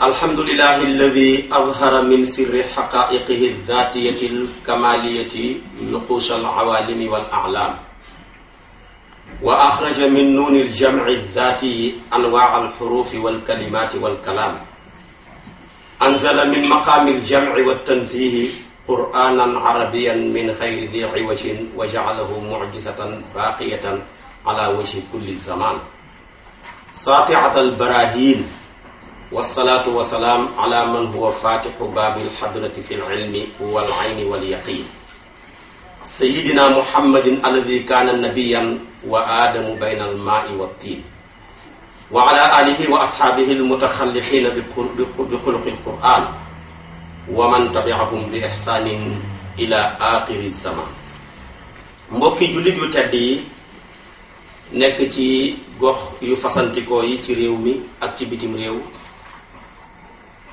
alhamdulilahi alladi adhara min sirri xaqaiqihi dhatiyati alkamaliyati nuqush alawalimi wal a'lam wa axraja min nuuni aljamci aldhati anwaa alxurufi walkalimati walkalaam anzala min maqaami aljamci waltanzihi qur'anan arabiyan min xayri di ciwajin wa jacalahu mucjisatan baaqiyatan ala wajhi kulli zaman saaticat albarahin wasalaatu wasalaam ala man huwa fatixu baabil xadrati fi lilmi wal ayni wal yaqin sayidina muhammadin alladi kaana nabiyan wa aadamu bayna almaai wa tiin wa ala alihi wa asxaabihi almutaxallixiina bi xuluqi alquran wa man tabiahum bi ixsaanin ila axiri zaman mbokki jullit yu tedd yi nekk ci gox yu fasantikoo yi ci réew mi ak ci bitim réew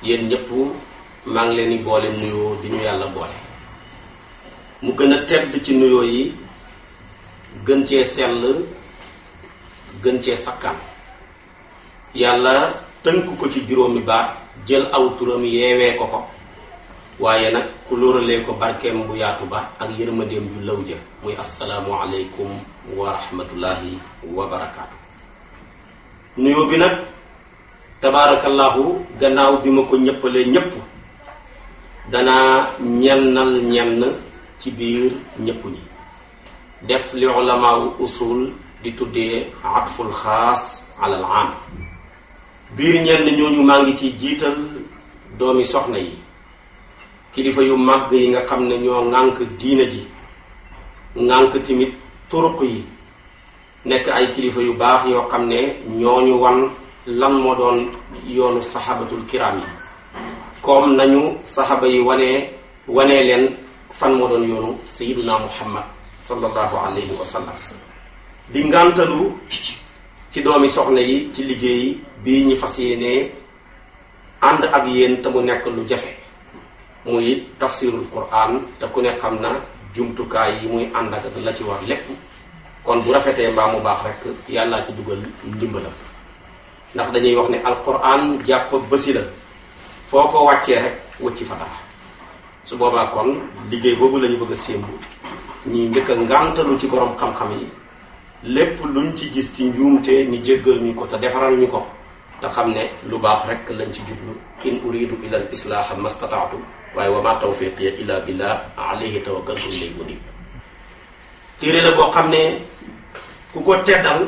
yéen ñëpp maa ngi leen di boole nuyoo di ñu yàlla boole mu gën a tedd ci nuyoo yi gën cee sell gën cee sakkan yàlla tënk ko ci juróomi ba jël aw turam yeewee ko ko waaye nag ku lóoralee ko barkeem bu yaatu ba ak yërmandeem ju law jë muy asalaamualeykum wa rahmatullahi wa barakaatu nuyoo bi nag tabaarakallaahu gannaaw bi ma ko ñëppalee ñëpp danaa ñennal ñenn ci biir ñépp ñi def li usul di tuddee atful xaas alal am biir ñenn ñooñu maa ngi ci jiital doomi soxna yi kilifa yu màgg yi nga xam ne ñoo ŋànk diina ji ŋànk tamit turuq yi nekk ay kilifa yu baax yoo xam ne ñooñu wan lan moo doon yoonu saxaabatul kiraam yi comme nañu saxaaba yi wanee wanee leen fan moo doon yoonu sayiduna muhammad sallallahu alayhi wa di ngàntalu ci doomi soxna yi ci liggéey bii ñu fas yéenee ànd ak yéen te mu nekk lu jafe muy tafsirul quran te ku ne xam na jumtukaay yi muy ànd ak la ci wax lekk kon bu rafetee mbaa mu baax rek yàllaa ci dugal ndimbalam ndax dañuy wax ne alquran jàpp bësi la foo ko wàccee rek wëcci fa dara su boobaa kon liggéey boobu la bëgg a sémbu ñuy njëkk a ngàntalu ci borom xam-xam yi lépp luñ ci gis ci njuumte ñu jéggal ñu ko te defaral ko te xam ne lu baax rek lañ ci jublu in uridu ila al islaaha mastataatu waaye wa ma tawfiqiya illa billah alayhi tawakkaltu lay munib téere la boo xam ne ku ko teddal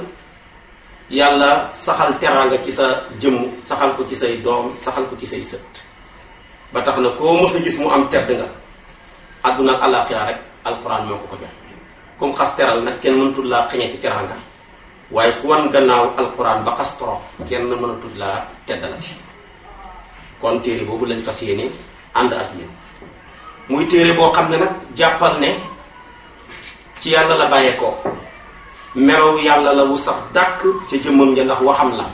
yàlla saxal teraanga ci sa jëmm saxal ko ci say doom saxal ko ci say sët ba tax na koo mos a gis mu am tedd nga àdduna ak àllaaxira rek alquran moo ko ko jox comme xas teral nag kenn mënatul laa xëñee waaye ku gannaaw alquran ba xas torox kenn mënatul laa teddalati kon téere boobu lañ fas yéene ànd ak yéen muy téere boo xam ne nag jàppal ne ci yàlla la bàyyeekoo. melow yàlla la wu sax dàkk ci jëmmam ja ndax waxam la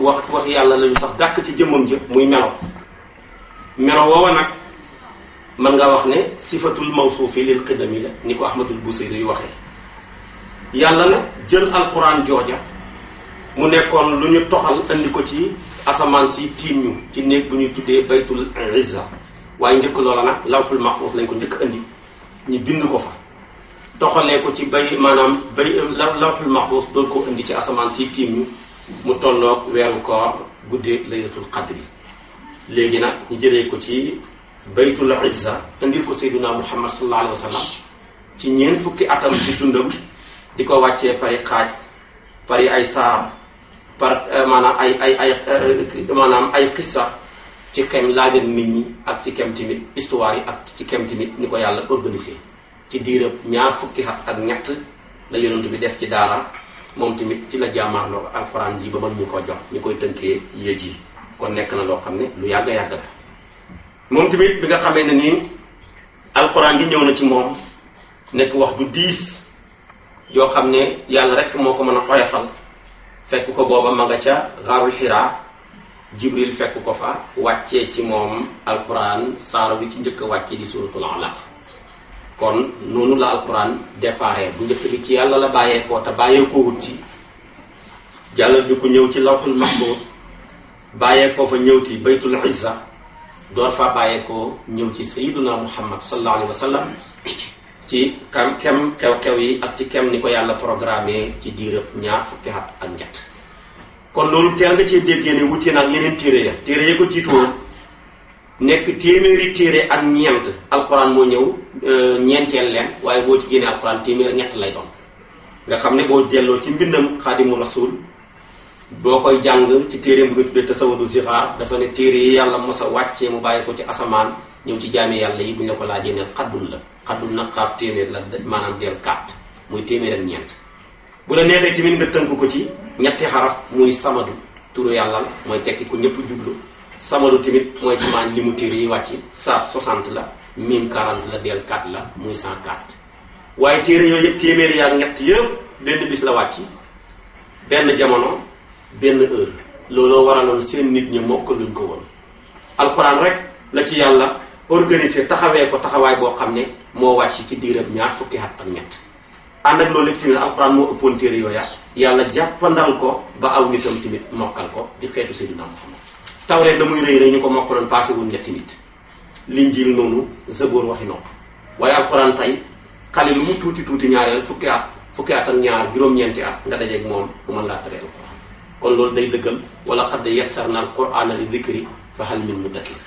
wax wax yàlla la wu sax dàkk ci jëmmam ja muy melow melow woowa nag mën nga wax ne sifatul mawsuufi lil qidami la ni ko ahmadul busiri yu waxee yàlla nag jël alquran jooja mu nekkoon lu ñu toxal andi ko ci asamaan si tiim ñu ci néeg bu ñu tuddee baytul izza waaye njëkk loola nag lawhul mahfuz lañ ko njëkk andi ñu bind ko fa toxalee ko ci bay maanaam bay lawxul maxbuus doon ko indi ci asamaan si tiim ñu mu tolloog weeru koor guddee laylatul qadri léegi nag ñu jëlee ko ci baytul izza indil ko sayduna muhammad sallallahu alayhi wa ci ñeent fukki atam ci dundam di ko wàccee pari xaaj pari ay saar par euh, maanaam ay ay ay euh, maanaam ay xissa ci kem laajal nit ñi ak ci kem tamit histoire yi ak ci kem tamit ni ko yàlla organisé ci diirab ñaar fukki xat ak ñett la yonent bi def ci daara moom tamit ci la jàmmaarloo alxuraan ji ba mën ñu ko jox ñu koy tënkee yéej yi kon nekk na loo xam ne lu yàgg yàgg la moom tamit bi nga xamee ne nii alxuraan ji ñëw na ci moom nekk wax du diis yoo xam ne yàlla rek moo ko mën a oyofal fekk ko booba ma nga ca xaarul xiraa jibril fekk ko fa wàccee ci moom alxuraan saara bi ci njëkk a wàccee di suuratul alaq kon noonu la alquran déparé bu njëkk bi ci yàlla la bàyyeekoo te bàyyeekoo wut ci jàllal bi ku ñëw ci lawxul mahfuz bàyyeekoo fa ñëw ci baytul izza door fa bàyyeekoo ñëw ci sayiduna muhammad sallallahu alayhi wa sallam ci kam kem kew-kew yi ak ci kem ni ko yàlla programmé ci diirëb ñaar fukki at ak ñett kon loolu teel nga cee déggee ne wuute na ak yeneen téere ya téere ya ko jiitu nekk téeméeri téere ak ñeent alxuraan moo ñëw euh, ñeenteel leen waaye boo ci génnee alxuraan téeméer ñett lay doon nga xam ne boo delloo ci mbindam xaadimu rasul boo koy jàng ci téere bu nga tuddee tasawadu zixaar dafa ne téere yi yàlla mos a wàccee mu bàyyi ko ci asamaan ñëw ci jaami yàlla yi bu ñu la ko laajee ne xaddul la xaddul nag xaaf téeméer la maanaam del kàtt muy téeméer ak ñeent bu la neexee tamit nga tënk ko ci ñetti xaraf muy samadu turu yàlla mooy tekki ku ñëpp jublu sama samalu tamit mooy ci maañ li mu téere yi wàcc saab la miim 40 la del 4 la muy 104 waaye téere yooyu yëpp téeméeri yaak ñett yëpp benn bis la wàcc benn jamono benn heure looloo waraloon seen nit ñi mokk luñ ko woon alxuraan rek la ci yàlla organise taxawee ko taxawaay boo xam ne moo wàcc ci diirab ñaar fukki at ak ñett ànd ak loolu lépp tamit alxuraan moo ëppoon téere yooya yàlla jàppandal ko ba aw nitam tamit mokkal ko di xeetu Seydina tawreet la muy rëy ñu ko mokkaloon passé wuñ ñetti nit linjiil noonu zaboor waxi nopp waaye alxuraan tey xale lu mu tuuti tuuti ñaareel fukki at fukki at ak ñaar juróom-ñeenti at nga dajeeg moom mu mën laa taree alxuraan kon loolu day dëggal wala qad yassarna alqurana li dikri fa hal min mudakkir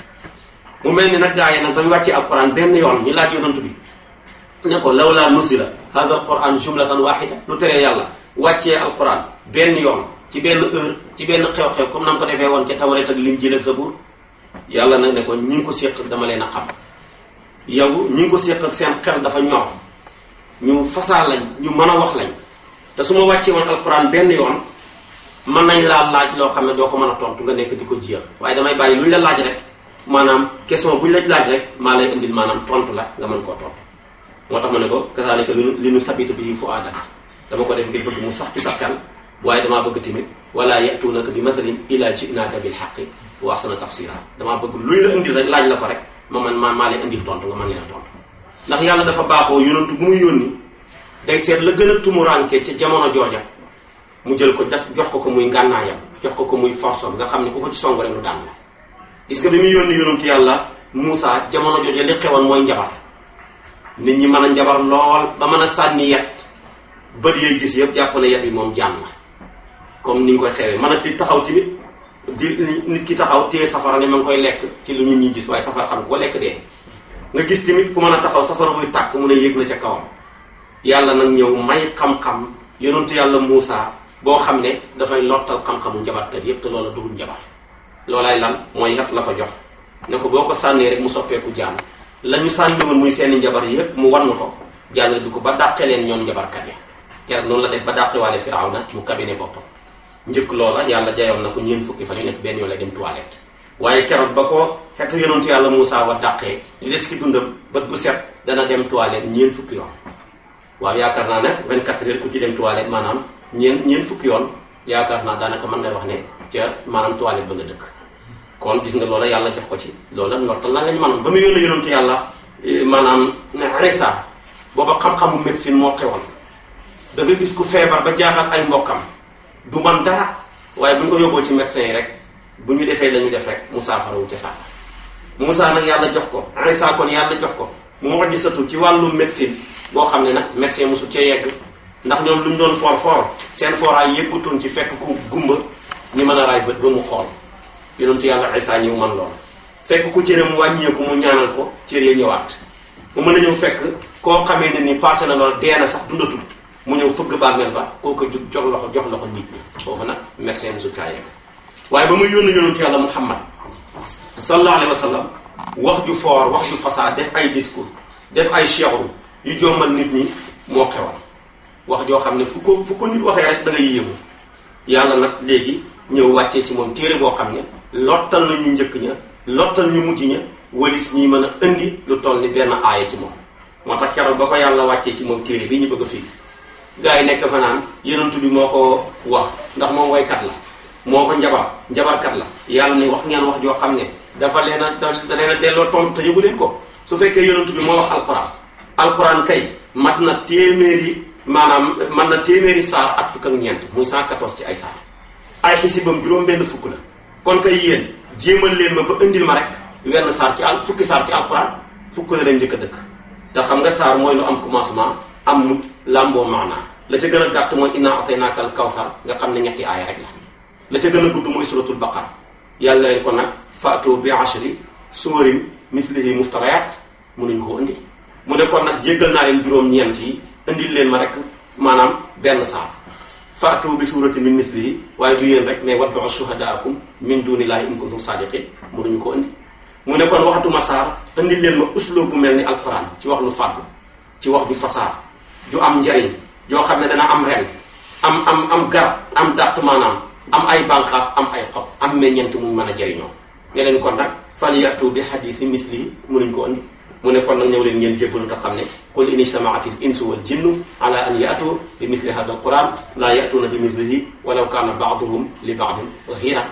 mu mel ni nag gaa yi nag ba ñu wàccee alxuraan benn yoon ñu laaj yonantu bi ne ko lawlaa nuzila hadha alquran jumlatan wahida lu teree yàlla wàccee alquran benn yoon ci benn heure ci benn xew-xew comme na mu ko defee woon ca Tawreet ak Linjiil ak Sabuur yàlla nag ne ko ñi ngi ko séq dama leen a xam yow ñi ngi ko séq ak seen xel dafa ñor ñu fasaa lañ ñu mën a wax lañ te su ma wàccee woon alxuraan benn yoon mën nañ laa laaj loo xam ne doo ko mën a tontu nga nekk di ko jiya waaye damay bàyyi luñ la laaj rek maanaam question buñ la laaj rek maa lay indi maanaam tontu la nga mën koo tontu moo tax ma ne ko kasaalika li nu sabitu bi fu dama ko def ngir bëgg mu sax ci waaye damaa bëgg tamit wala yatuunaka bi mathalin ila jinaaka bil xaqi wa ahsana tafsira damaa bëgg luñ la indil laaj la ko rek ma man maa maa lay indil tontu nga mën leen tontu ndax yàlla dafa baaxoo yonantu bu muy yónni day seet la gën a tumuranke ca jamono jooja mu jël ko def jox ko ko muy ngànnaayam jox ko ko muy force nga xam ne ku ko ci song rek lu daan la gis nga bi muy yónni yonantu yàlla Moussa jamono jooja li xewoon mooy njabar nit ñi mën a njabar lool ba sànni yet bët yooyu gis yëpp jàpp ne yet bi moom jaan comme ni ñu koy xewee mën a ci taxaw tamit di nit ki taxaw téye safara ne ma ngi koy lekk ci lu ñu ñuy gis waaye safara xam ko lekk dee nga gis tamit ku man a taxaw safara buy tàkk mun a yéeg la ca kawam yàlla nag ñëw may xam-xam yonentu yàlla Muusaa boo xam ne dafay lottal xam-xamu njabarkat yépp te loola dugul njabar loolaay lan mooy yat la ko jox ne ko boo ko sànnee rek mu soppeeku jaan la ñu sànni woon muy seeni njabar yépp mu wann ko jaan du ko ba dàqe leen ñoom njabarkat noonu la def ba dàqe waale Firawna mu kabine boppam njëkk loola yàlla jayoon na ko ñeent fukki fan yu nekk benn yoon lay dem toilette waaye keroot ba ko xetu yonentu yàlla Moussa wa dàqee li des ki dundam bët bu set dana dem toilette ñeent fukki yoon waaw yaakaar naa ne 24 heures ku ci dem toilette maanaam ñeent ñeent fukki yoon yaakaar naa daanaka mën ngay wax ne ca maanaam toilette ba nga dëkk kon gis nga loola yàlla jox ko ci loola ndortal la lañ maanaam ba mu yónne yonentu yàlla e, maanaam Isa booba xam-xamu médecine moo da nga gis ku feebar ba jaaxal ay mbokkam du man dara waaye bu ñu ko yóbboo ci médecin yi rek bu ñu defee la ñu def rek mu saafarawu ca saasa Moussa nag yàlla jox ko Isa kon yàlla jox ko mu wax gisatu ci wàllu médecine boo xam ne nag médecin mosu cee yegg ndax ñoom lu ñu doon for for seen foraay yëggutoon ci fekk ku gumba ñu mën a raay bët ba mu xool ci yàlla Isa ñëw man lool fekk ku mu wàññeeku mu ñaanal ko cër ya ñëwaat mu mën a ñëw fekk koo xamee ne ni passé na lool dee na sax dundatul mu ñëw fëgg bàmmeel ba kooku jug jox loxo jox loxo nit ñi foofu nag médecin su caayee waaye ba muy yónni yonentu yàlla muhammad sallallahu alayhi wa sallam wax ju foor wax ju fasaa def ay discours def ay cheru yu jommal nit ñi moo xewal wax joo xam ne fu ko fu ko nit waxee rek da yàlla nag léegi ñëw wàccee ci moom téere boo xam ne lottal na ñu njëkk ña lottal ñu mujj ña walis ñi mën a indi lu toll ni benn aaya ci moo tax keroog ko yàlla wàccee ci moom téere bi ñu bëgg a gaa yi nekk fa naan yonent bi moo ko wax ndax moom waykat la moo ko njabar njabarkat la yàlla ni wax ngeen wax joo xam ne dafa leen a da leen a delloo tontu te yëgu leen ko su fekkee yonent bi moo wax alquran alquran kay mat na téeméeri maanaam mat na téeméeri saar ak fukk ak ñeent muy 114 ci ay saar ay xisibam juróom-benn fukk la kon kay yéen jéemal leen ma ba indil ma rek wenn saar ci al fukki saar ci alquran fukk la leen njëkk a dëkk te xam nga saar mooy lu am commencement am mujj làmboo maanaa la ca gën a gàtt mooy innaa ataynaaka al kawsar nga xam ne ñetti aaya rek la la ca gën a gudd mooy suratul baqara yàlla leen ko nag faatu bi ashri suwarin mislihi muftarayaat mënuñ koo indi mu ne kon nag jéggal naa leen juróom-ñeent yi indil leen ma rek maanaam benn saar faatu bi suurati min mislihi waaye du yéen rek mais wad'u shuhadaakum min duunillaahi in kuntum saadiqiin mënuñu ko indi mu ne kon waxatuma saar indil leen ma usloob bu mel ni alquran ci wax lu fàddu ci wax bi fasaar ju am njariñ joo xam ne dana am ren am am am garab am dàtt maanaam am ay banqas am ay xob am meññeent mu mën a jariñoo ne leen kon nag fan yàttu bi xadiisi misli mënuñ ko andi mu ne kon nag ñëw leen ngeen jébbalu te xam ne qul in ijtamaat al insu wal jinnu ala an yaatu bi misli hada al quran laa yaatuuna bi mislihi walaw kaana baaduhum li baadin xiira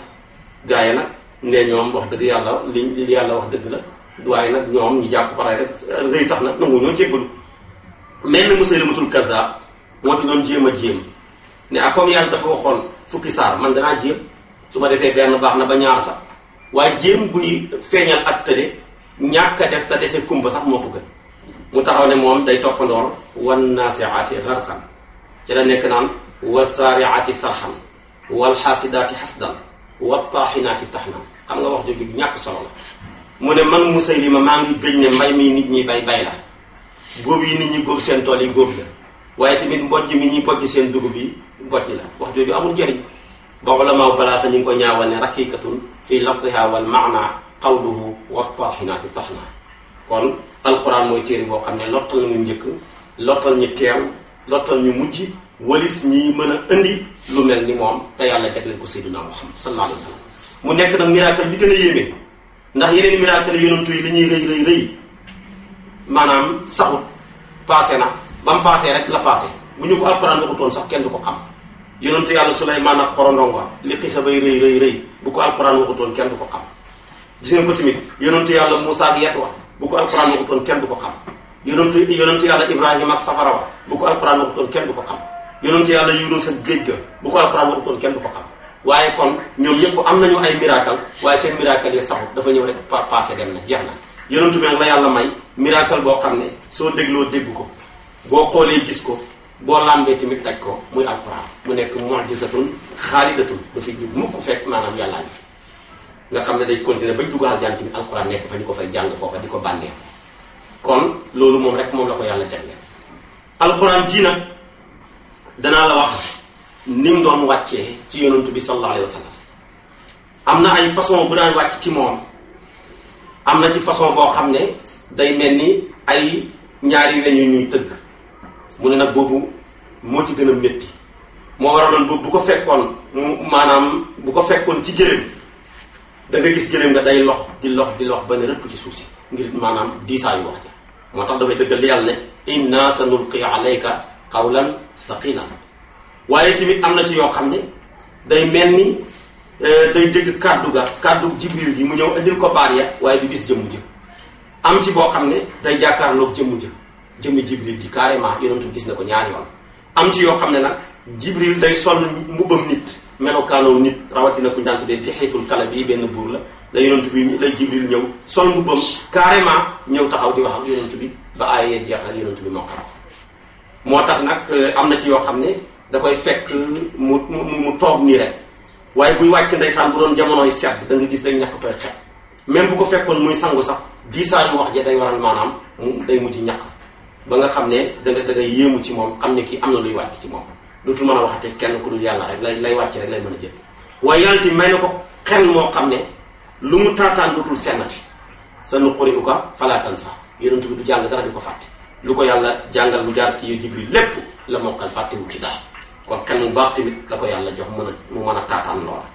gaa yi nag ñoom wax dëgg yàlla li li yàlla wax dëgg la waaye nag ñoo ñu jàpp pare tax na nangu ñoo mel ni Musaylamatul Kazzaab moo ci doon jéem a jéem ne ah comme yàlla dafa waxoon fukki saar man danaa jéem su ma defee benn baax na ba ñaar sax waaye jéem buy feeñal ak tële ñàkk a def te dese kumba sax moo ko gën mu taxaw ne moom day toppandoor wan naasiaati xarqan ci la nekk naan wasaariaati sarxan wa xaasidaati xasdan wal taaxinaati taxnan xam nga wax jooju ñàkk solo la mu ne man Musaylima maa ngi gëj ne mbay mii nit ñi bay bay la góob yi nit ñi góob seen tool yi góob la waaye tamit mbojj mi ñuy bojj seen dugub yi mbojj la wax bi amul njëriñ ba ulamaaw balaata ñu ngi ko ñaawal ne raqiqatun fii lafdiha wal maana qawluhu wa tahinaati tahna kon alquran mooy téere boo xam ne lottal ñu njëkk lottal ñu teew lottal ñu mujj walis ñu mën a indi lu mel ni moom te yàlla jagleel ko sayyidina Muhammad sallallahu alayhi mu nekk nag miracle bi gën a yéeme ndax yeneen miracle yonantu yi li ñuy rëy rëy maanaam saxut passé na ba mu passé rek la passé bu ñu ko alxuraan waxutoon sax kenn du ko xam yonentu yàlla Suleymaan ak xorondonga li xisa bay rëy rëy rëy bu ko alxuraan waxutoon kenn du ko xam gis nga ko tamit yonentu yàlla Muusaa ak yet wa bu ko alxuraan waxutoon kenn du ko xam yonentu yonentu yàlla Ibrahima ak safara wa bu ko alxuraan waxutoon kenn du ko xam yonentu yàlla Yunus ak géej ga bu ko kenn du ko xam waaye kon ñoom ñëpp am na nañu ay miracle waaye seen miracle yi saxut dafa ñëw rek passé dem na jeex na yonentu bi nag la yàlla may miracle boo xam ne soo dégloo dégg ko boo xoolee gis ko boo làmbee tamit daj ko muy alquran mu nekk mujizatun xaalidatun dafay jug mukk fekk maanaam yàllaa fi nga xam ne day continuer bañ dugg aljaan tamit alquran nekk fa ñu ko fay jàng foofa di ko bànneex kon loolu moom rek moom la ko yàlla jagleel alquran jii danaa la wax ni mu doon wàccee ci yonentu bi sallallahu alayhi am na ay façon bu daan wàcc ci moom am na ci façon boo xam ne day mel ni ay ñaari weñ yu ñuy tëgg mu ne nag boobu moo ci gën a métti moo waraloon boobu bu ko fekkoon mu maanaam bu ko fekkoon ci gëléem da gis gëléem nga day lox di lox di lox ba ne rëpp ci suuf si ngir maanaam diisaayu wax ji moo tax dafay dëggal li yàlla ne inna sa nulqi alayka qawlan thaqila waaye tamit am na ci yoo xam ne day mel ni Euh, day dëgg kàddu ga kàddu jibril gi mu ñëw andil ko baar ya waaye du gis jëmm jë am ci boo xam ne day jàkkaarloog jëmm jë jëmm jibril ji carrément yonentu gis ne ko ñaar yoon am ci yoo xam ne nag jibril day sonn mbubbam nit melokaanoo nit rawatina ku njant de di xeetul kala bii benn buur la la yonentu bi lay jibril ñëw sol mbubbam carrément ñëw taxaw di wax ak yonentu jeex ak yonentu bi moo ko tax nag euh, am na ci yoo xam ne da koy fekk mu mu toog nii rek waaye buy wàcc ndeysaan bu doon jamonoy sedd da nga gis dañ ñàkk tooy xet même bu ko fekkoon muy sangu sax diisaayu wax ja day waral maanaam mu day mujj ñàkk ba nga xam ne da nga yéemu ci moom xam ne kii am na luy wàcc ci moom tul mën a waxate kenn ku dul yàlla rek lay lay wàcc rek lay mën a jël waaye yàlla ti may na ko xel moo xam ne lu mu taataan dootul sennati sa nuquri uka falaatan sax yonent bi du jàng dara di ko fàtte lu ko yàlla jàngal bu jaar ci yu jibril lépp la mokkal fàttewu ci daal kan bu baax tamit la ko yàlla jox mën a mu mën a taataan loola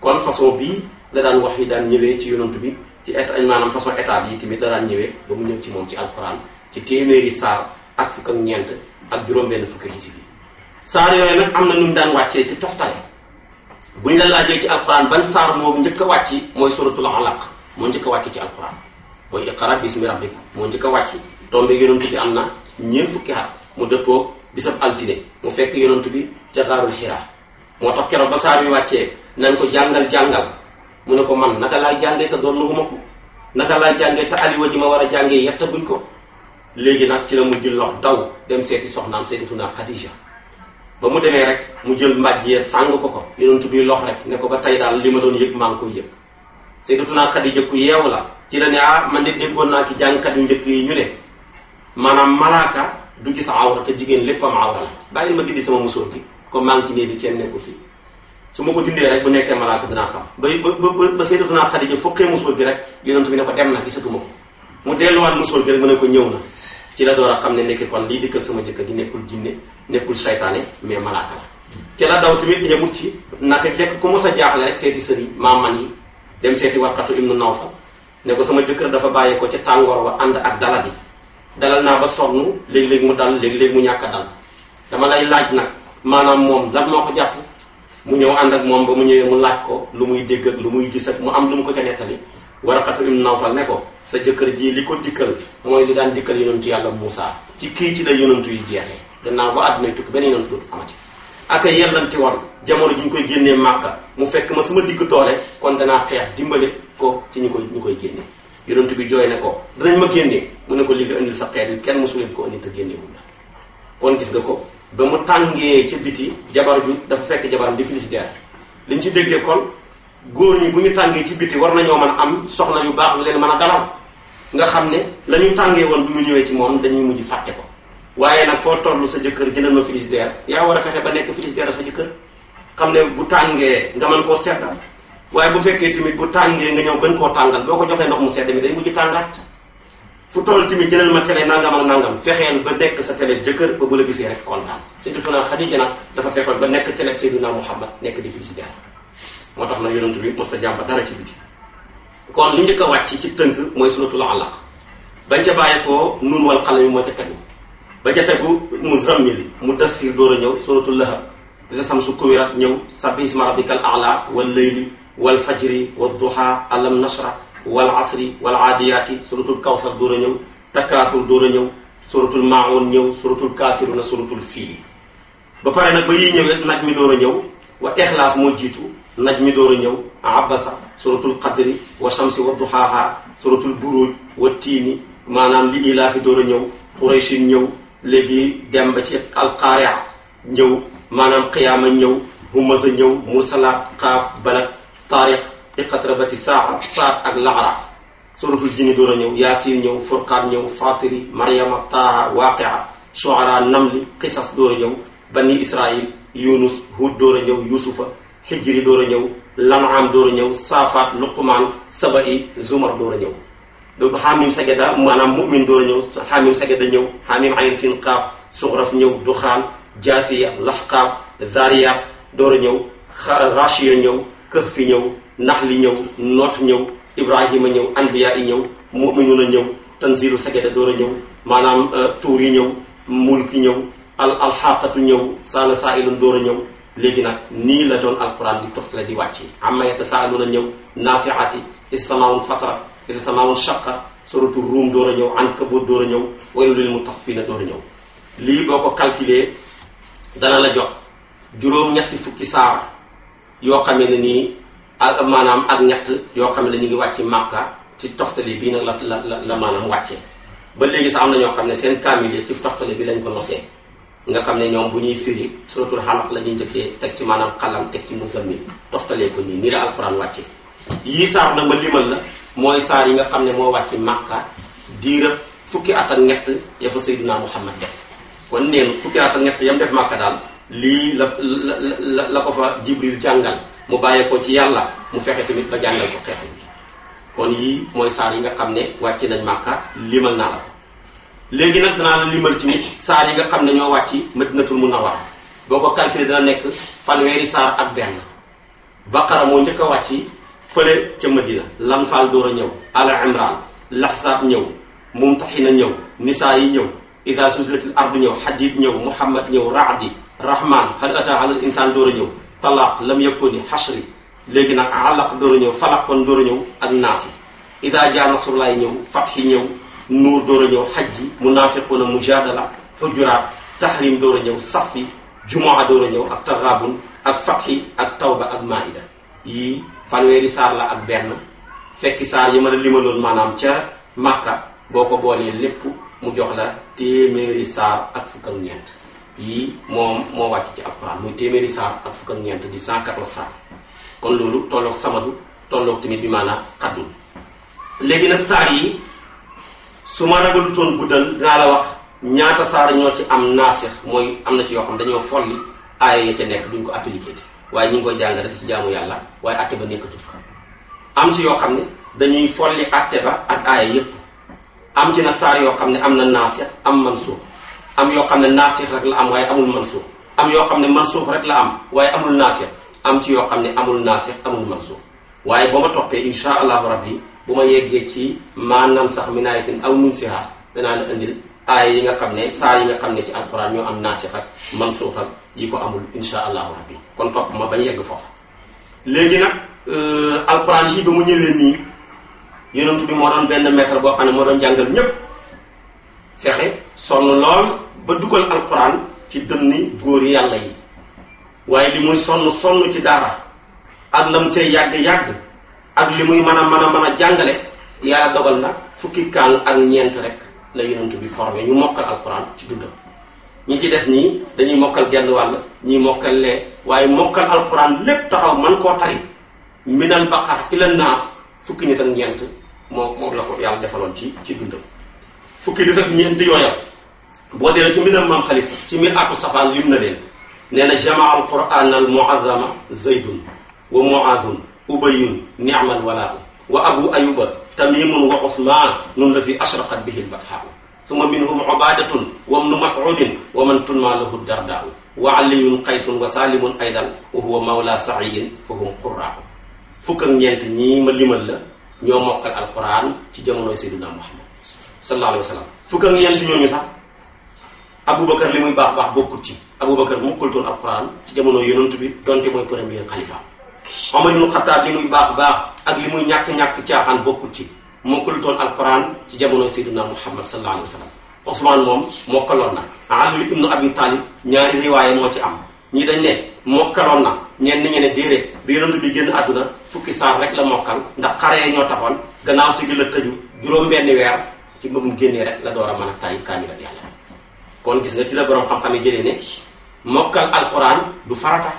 kon façon bii la daan wax yi daan ñëwee ci yonantu bi ci état maanaam façon état yi tamit la daan ñëwee ba mu ñëw ci moom ci alquran ci téeméeri saar ak fukk ak ñeent ak juróom-benn fukki hizib saar yooyu nag am na nu mu daan wàccee ci toftale bu ñu la laajee ci alquran ban saar moo njëkk a wàcc mooy suratul alaq moo njëkk a wàcc ci alquran mooy iqra bismi rabbika moo njëkk a wàcc tombe yonantu bi am na ñeent fukki at bisab altine mu fekk yonent bi ca xaarul xiraa moo tax keroog ba bi wi wàccee nañ ko jàngal jàngal mu ne ko man naka laa jàngee te doon luxuma ko naka laa jàngee te aliwa ji ma war a jàngee yetta buñ ko léegi nag ci la mu jël lox daw dem seeti soxnaam Sayyidatuna Xadija ba mu demee rek mu jël mbàjj yee sàng ko ko yonent bi lox rek ne ko ba tey daal li ma doon yëg maa ngi koy yëg Sayyidatuna Xadija ku yeew la ci la ne ah man de déggoon naa ki jàngkat yu njëkk yi ñu ne maanaam malaaka du gis awra te jigéen lépp léppam awra la bàyyil ma dindi sama musóor bi comme maa ngi ci néeg bi kenn nekkul fii su ma ko dindee rek bu nekkee malaaka dinaa xam ba ba ba sayyidatuna Xadija fokkee musóor bi rek yonent bi ne dem na gisatuma ko mu delluwaat musóor bi rek mën ne ko ñëw na ci la door a xam ne nekk kon lii dikkal sama jëkkër gi nekkul jinne nekkul saytaane mais malaaka la la daw tamit yemut ci naka jekk ku mos a jaaxle rek seeti sëriñ maam man yi dem seeti warqatu ibnu ne ko sama jëkkër dafa bàyyee ko ci tàngoor wa ànd ak daladi dalal naa ba sonn léeg-léeg mu dal léeg-léeg mu ñàkk a dal dama lay laaj nag maanaam moom lan moo ko jàpp mu ñëw ànd ak moom ba mu ñëwee mu laaj ko lu muy dégg ak lu muy gis ak mu am lu mu ko ca nettali Waraqatu ibn Nawfal ne ko sa jëkkër ji li ko dikkal mooy li daan dikkal yonentu yàlla Muusaa ci kii ci la yonentu yi jeexee gannaaw ba àdduna tukki benn yonentu dootu amati ak yellanti woon jamono ji ñu koy génnee màkka mu fekk ma suma digg doole kon danaa xeex dimbale ko ci ñu koy koy génnee yonent bi jooy ne ko danañ ma génnee mu ne ko li nga indil sa xeet yi kenn mosu leen ko indi te génnewul la kon gis nga ko ba mu tàngee ca biti jabar bi dafa fekk jabaram di félicité liñ ci déggee kon góor ñi bu ñu tàngee ci biti war nañoo man am soxna yu baax yu leen mën a dalal nga xam ne lañuy tàngee woon bu ñu ñëwee ci moom dañuy mujj fàtte ko waaye nag foo toll sa jëkkër gënal ma frigidaire yaa war a fexe ba nekk frigidaire sa jëkkër xam ne bu tàngee nga mën koo waaye bu fekkee tamit bu tàngee nga ñëw gën koo tàngal boo ko joxee ndox mu sedd mi day mujj tàngaat fu toll tamit jëlal ma télé nangam ak nangam fexeel ba nekk sa télé jëkkër ba bu la gisee rek kon Sayyidatuna Xadija nag dafa fekkoon ba nekk télé Sayyidina Muhammad nekk di félicité moo tax na yonent bi mos ta jàmba dara ci biti kon lu njëkk a wàcc ci tënk mooy suratul alaq bañ ca bàyyeekoo nun wal qalami moo ca tegu ba ca tegu muzammil mudassir door a ñëw suratul lahab bi sam su kuwirat ñëw sabbi isma rabbikal a'la wal layli wal fajri wal duha alam nasra wal asri wal aadiyaati suratul kawsar door a ñëw takkaasur door a ñëw suratul maawun ñëw suratul kaafiruna suratul fii ba pare nag ba yiy ñëwee naj mi door a ñëw wa ixlaas moo jiitu naj mi door a ñëw abasa suratul qadri wa shamsi wa duhaaha suratul buruj wa tiini maanaam li ilaa fi door a ñëw xuraysin ñëw léegi dem ba ci alqaaria ñëw maanaam qiyaama ñëw humasa ñëw mursalaat balak taariq iqatrabati saa saat ak laxaraaf suratul jinni door a ñëw yaasiin ñëw furqaan ñëw fatiri maryama taaha waaqia shuara namli qisas door a ñëw bani israil yunus hud door a ñëw yusufa xijri door a ñëw lanaam door a ñëw saafaat luqmaan sabai zumar door a ñëw do xaamim sageda maanaam mumin door a ñëw xaamim sageda ñëw xaamim ayn sin qaaf suxraf ñëw duxaan jaasiya laxqaaf zaariya door a ñëw rashiya ñëw këf fi ñëw nax li ñëw noox ñëw ibrahima ñëw anbiya yi ñëw muminuun a ñëw tanziru sageda door a ñëw maanaam euh, tuur yi ñëw mulki ñëw al alxaqatu ñëw saala saailun door a ñëw léegi nag nii la doon alquran di toftale di wàcc amma yatasaaluna ñëw naasiati isamaun fatra isamaun shaqa suratu ruum door a ñëw ankabut door a ñëw waylu lil mutaffina door a ñëw lii boo ko calculé dana la jox juróom-ñetti fukki saar yoo xamee ne nii ak maanaam ak ñett yoo xam ne ñu ngi wàcc màkka ci toftale bii nag la la la la maanaam wàcce ba léegi sax am na ñoo xam ne seen kaamil ci toftale bi lañ ko nosee nga xam ne ñoom bu ñuy firi suratul xalaq la ñuy njëkkee teg ci maanaam xalam teg ci muzammil toftalee ko nii nii la alquran wàcce yii saar na ma limal la mooy saar yi nga xam ne moo wàcc màkka diira fukki at ak ñett ya fa sayyidina muhammad def kon neen fukki at ñett yam def màkka daal lii la la la ko fa jibril jàngal mu bàyyee ko ci yàlla mu fexe tamit ba jàngal ko xeet kon yii mooy saar yi nga xam ne wàcc nañ màkka limal na la léegi nag danaa la limal tamit saar yi nga xam ne ñoo wàcc madinatul munawwara boo ko calculé dana nekk fanweeri saar ak benn baqara moo njëkk a wàcc fële ca madina lanfaal door a ñëw ala imran laxsaab ñëw mumtaxina ñëw nisaa yi ñëw ida suzilatil ardu ñëw xadid ñëw muhammad ñëw raadi rahman hal ata alal insaan door a ñëw talaaq lam yakuni xashri léegi nag alaq door a ñëw falaq kon door a ñëw ak naasi ida jaa nasrullaay ñëw fatxi ñëw nuur door a ñëw xajji munaafiquuna mujaadala xujuraat tahrim door a ñëw safi jumaa door a ñëw ak taxaabun ak fatxi ak tawba ak maida yii fanweeri saar la ak benn fekki saar yi ma la limaloon maanaam ca Makka boo ko boolee lépp mu jox la téeméeri saar ak fukk ñeent yi moom moo wàcc ci alxuraan muy téeméeri saar ak fukk ak ñeent di 114 saar kon loolu tolloog samadu tolloog tamit bi maanaam xaddu léegi nag saar yi su ma bu guddal dinaa la wax ñaata saar ñoo ci am naasix mooy am na ci yoo xam dañoo folli aaya nekk duñ ko appliqué ti waaye ñu ngi ci jaamu yàlla waaye atte ba nekkatu am ci yoo xam ne dañuy folli atte ba ak aaya yépp am ci na saar yoo xam ne am na naasix am mansuux am yoo xam ne naasix rek la am waaye amul mansuux am yoo xam ne mansuux rek la am waaye amul naasix am ci yoo xam ne amul naasix amul mansuux waaye boo ma toppee insha allahu rabbi bu ma yeggee ci maanaam sax min aayatin aw nunsiha danaa la indil aaya yi nga xam ne saa yi nga xam ne ci alquran ñoo am naasix ak mansuux ak yi ko amul insha allahu rabbi kon topp ma bañ yegg foofu léegi nag euh, alquran yii ba mu ñëwee nii yonent bi moo doon benn maître boo xam ne moo doon jàngal ñépp fexe lool ba dugal alxuraan ci dënni góor yàlla yi waaye li muy sonn sonn ci daara ak lam cay yàgg-yàgg ak li muy mën a mën a mën a jàngale yàlla dogal na fukki kaan ak ñeent rek la yonent bi formé ñu mokkal alquran ci dundam ñi ci des nii dañuy mokkal genn wàll ñi mokkal lee waaye mokkal alquran lépp taxaw man koo tari minal baqara ila naas fukki nit ak ñeent moo moom la ko yàlla defaloon ci ci dundam fukki nit ak ñeent yooya boo demee ci mbiram maam xalifa ci mi àqu safaan lim na leen nee na jamaa al quran al muazama zaydun wa muazun ubayun niamal walaahu wa abu ayuba tamimun wa usman nun la fi ashraqat bihi lbathaau summa minhum ubadatun wa ibnu mas'udin wa man tunma lahu dardaau wa aliyun qaysun wa salimun aydan wa huwa mawla saiyin fa hum qurraau fukk ak ñeent ñii ma limal la ñoo mokkal alquran ci jamonoy sayyidina muhammad sallallahu alayhi wa sallam fukk ak ñeent ñooñu sax Aboubacar li muy baax baax bokkut ci Aboubacar mu kultoon alquran ci jamono yonent bi donte mooy premier xalifa Omar ibnu Xataab li muy baax baax ak li muy ñàkk-ñàkk caaxaan bokkut ci mu kultoon alquran ci jamono sayyidina Muhammad sallallahu alayhi wa sallam Ousmane moom mokkaloon na Ali ibnu Abi Talib ñaari riwaaye moo ci am ñi dañ ne mokkaloon na ñenn ñi ne déedéet bi yonent bi génn àdduna fukki saar rek la mokkal ndax xare ñoo taxoon gannaaw si gi la tëju juróom-benn weer ci ba mu génnee rek la door a mën a taalif kon gis nga ci la borom xam-xam yi jëlee ne mokkal alquran du farata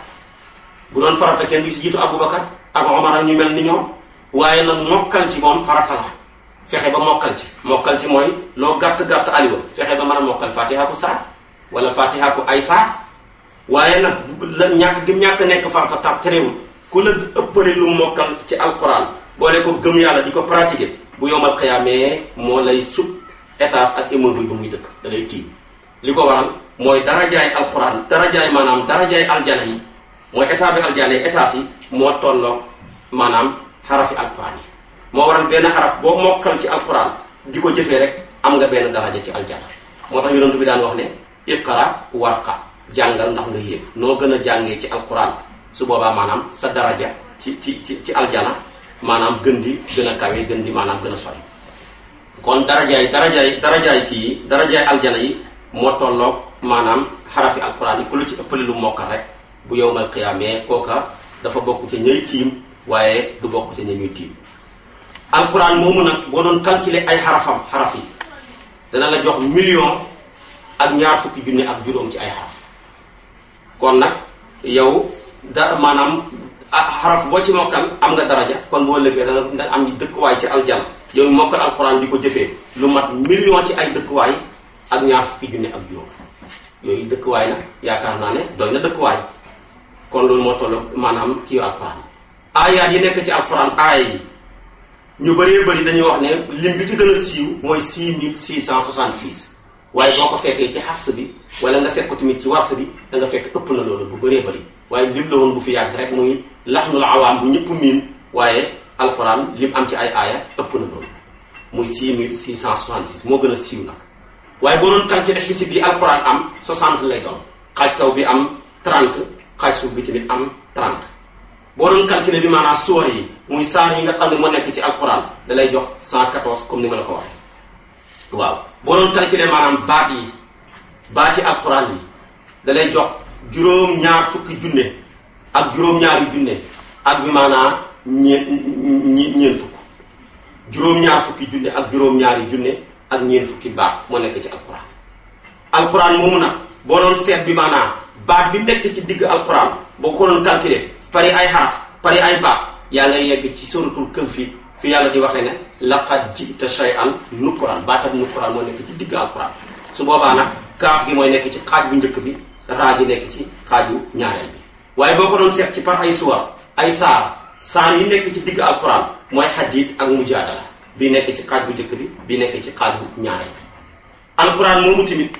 bu doon farata kenn du ci jiitu Aboubacar ak Omar ak ñu mel ni ñoom waaye nag mokkal ci moom farata la fexe ba mokkal ci. mokkal ci mooy loo gàtt gàtt aliwa fexe ba mën a mokkal fatiha wala fatiha ay saar waaye nag la ñàkk gi ñàkk nekk farata tax terewul ku la ëppale lu mokkal ci alquran boole ko gëm yàlla di ko pratiquer bu yomal xiyaamee moo lay sut étage ak immeuble ba muy dëkk da lay li ko waral mooy darajaay alquran darajaay maanaam darajaay aljana yi mooy état bi aljana yi état si moo tolloo maanaam xarafi alquran yi moo waral benn xaraf boo mokkal ci alquran di ko jëfee rek am nga benn daraja ci aljana moo tax yonent bi daan wax ne iqra warqa jàngal ndax nga yéeg noo gën a jàngee ci alquran su boobaa maanaam sa daraja ci ci ci ci aljana maanaam gën di gën a kawe gën di maanaam gën a sori kon darajaay darajaay darajaay kii darajaay aljana yi moo tolloog maanaam xarafi alquran yi ku lu ci ëppale lu mokkal rek bu yow yowmal qiyaamee kooka dafa bokk ci ñay tiim waaye du bokk ci ña ñuy tiim alquran moomu nag boo doon calculer ay xarafam xaraf yi dana la jox million ak ñaar fukki junne ak juróom ci ay xaraf kon nag yow da maanaam ah xaraf boo ci mokkal am nga daraja kon boo lëggee dana nga am dëkkuwaay ci aljana yow mokkal alquran di ko jëfee lu mat million ci ay dëkkuwaay ak ñaar fukki junne ak juróom yooyu dëkkuwaay la yaakaar naa ne doy na dëkkuwaay kon loolu moo toll maanaam kii alquran aayaat yi nekk ci alquran aaya yi ñu bëree bëri dañuy wax ne lim bi ci gën a siiw mooy 6666 waaye boo ko seetee ci xafs bi wala nga seet ko tamit ci warsa bi da fekk ëpp na loolu bu bëree bëri waaye lim la woon bu fi yàgg rek muy laxnul awaam bu ñëpp miin waaye alquran lim am ci ay aaya ëpp na loolu muy 6666 moo gën a siiw waaye boo doon calculer xisib yi alquran am 60 lay doon xaaj kaw bi am 30 xaaj suuf bi tamit am 30 boo doon calculer bi maanaam suwar yi muy saar nga xam ne moo nekk ci alquran dalay jox 114 comme ni ma la ko waxee waaw boo doon calculer maanaam baat yi baati alquran yi da jox juróom-ñaar fukki junne ak juróom-ñaari junne ak bi maanaam ñeent ñeent fukk juróom-ñaar fukki junne ak juróom-ñaari junne. ak ñeent fukki baat moo nekk ci alquran alquran moomu nag boo doon seet bi maanaam baat bi nekk ci digg alquran boo ko doon calculer pari ay xaraf pari ay baat yaa ngay yegg ci suratul fii fi yàlla di waxee ne laqad jita shay'an nukuran baatab nukuran moo nekk ci digg alquran su boobaa nag kaaf gi mooy nekk ci xaaj bu njëkk bi raa gi nekk ci xaaj xaaju ñaareel bi waaye boo ko doon seet ci par ay suwar ay saar saar yi nekk ci digg alquran mooy xadiid ak mujaadala bi nekk ci xaaj bu njëkk bi bi nekk ci xaaj bu ñaareel bi alquran moomu tamit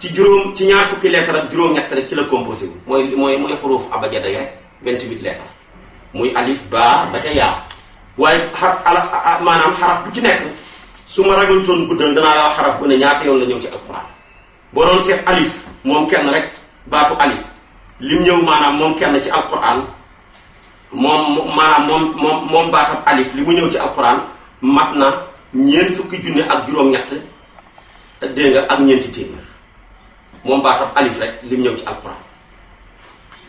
ci juróom ci ñaar fukki lettre ak juróom-ñett rek ci la composé mooy mooy mooy xuruuf abajada yi rek 28 muy alif ba ba ca yaa waaye xar ala maanaam xaraf bu ci nekk su ma ragalutoon guddal danaa la wax xaraf bu ne ñaata yoon la ñëw ci alquran boo doon seet alif moom kenn rek baatu alif lim ñëw maanaam moom kenn ci alquran moom moom moom moom baatam alif li mu ñëw ci alquran mat na ñeent fukki junne ak juróom-ñett dégg nga ak ñeenti téeméer moom baatam alif rek lim ñëw ci alquran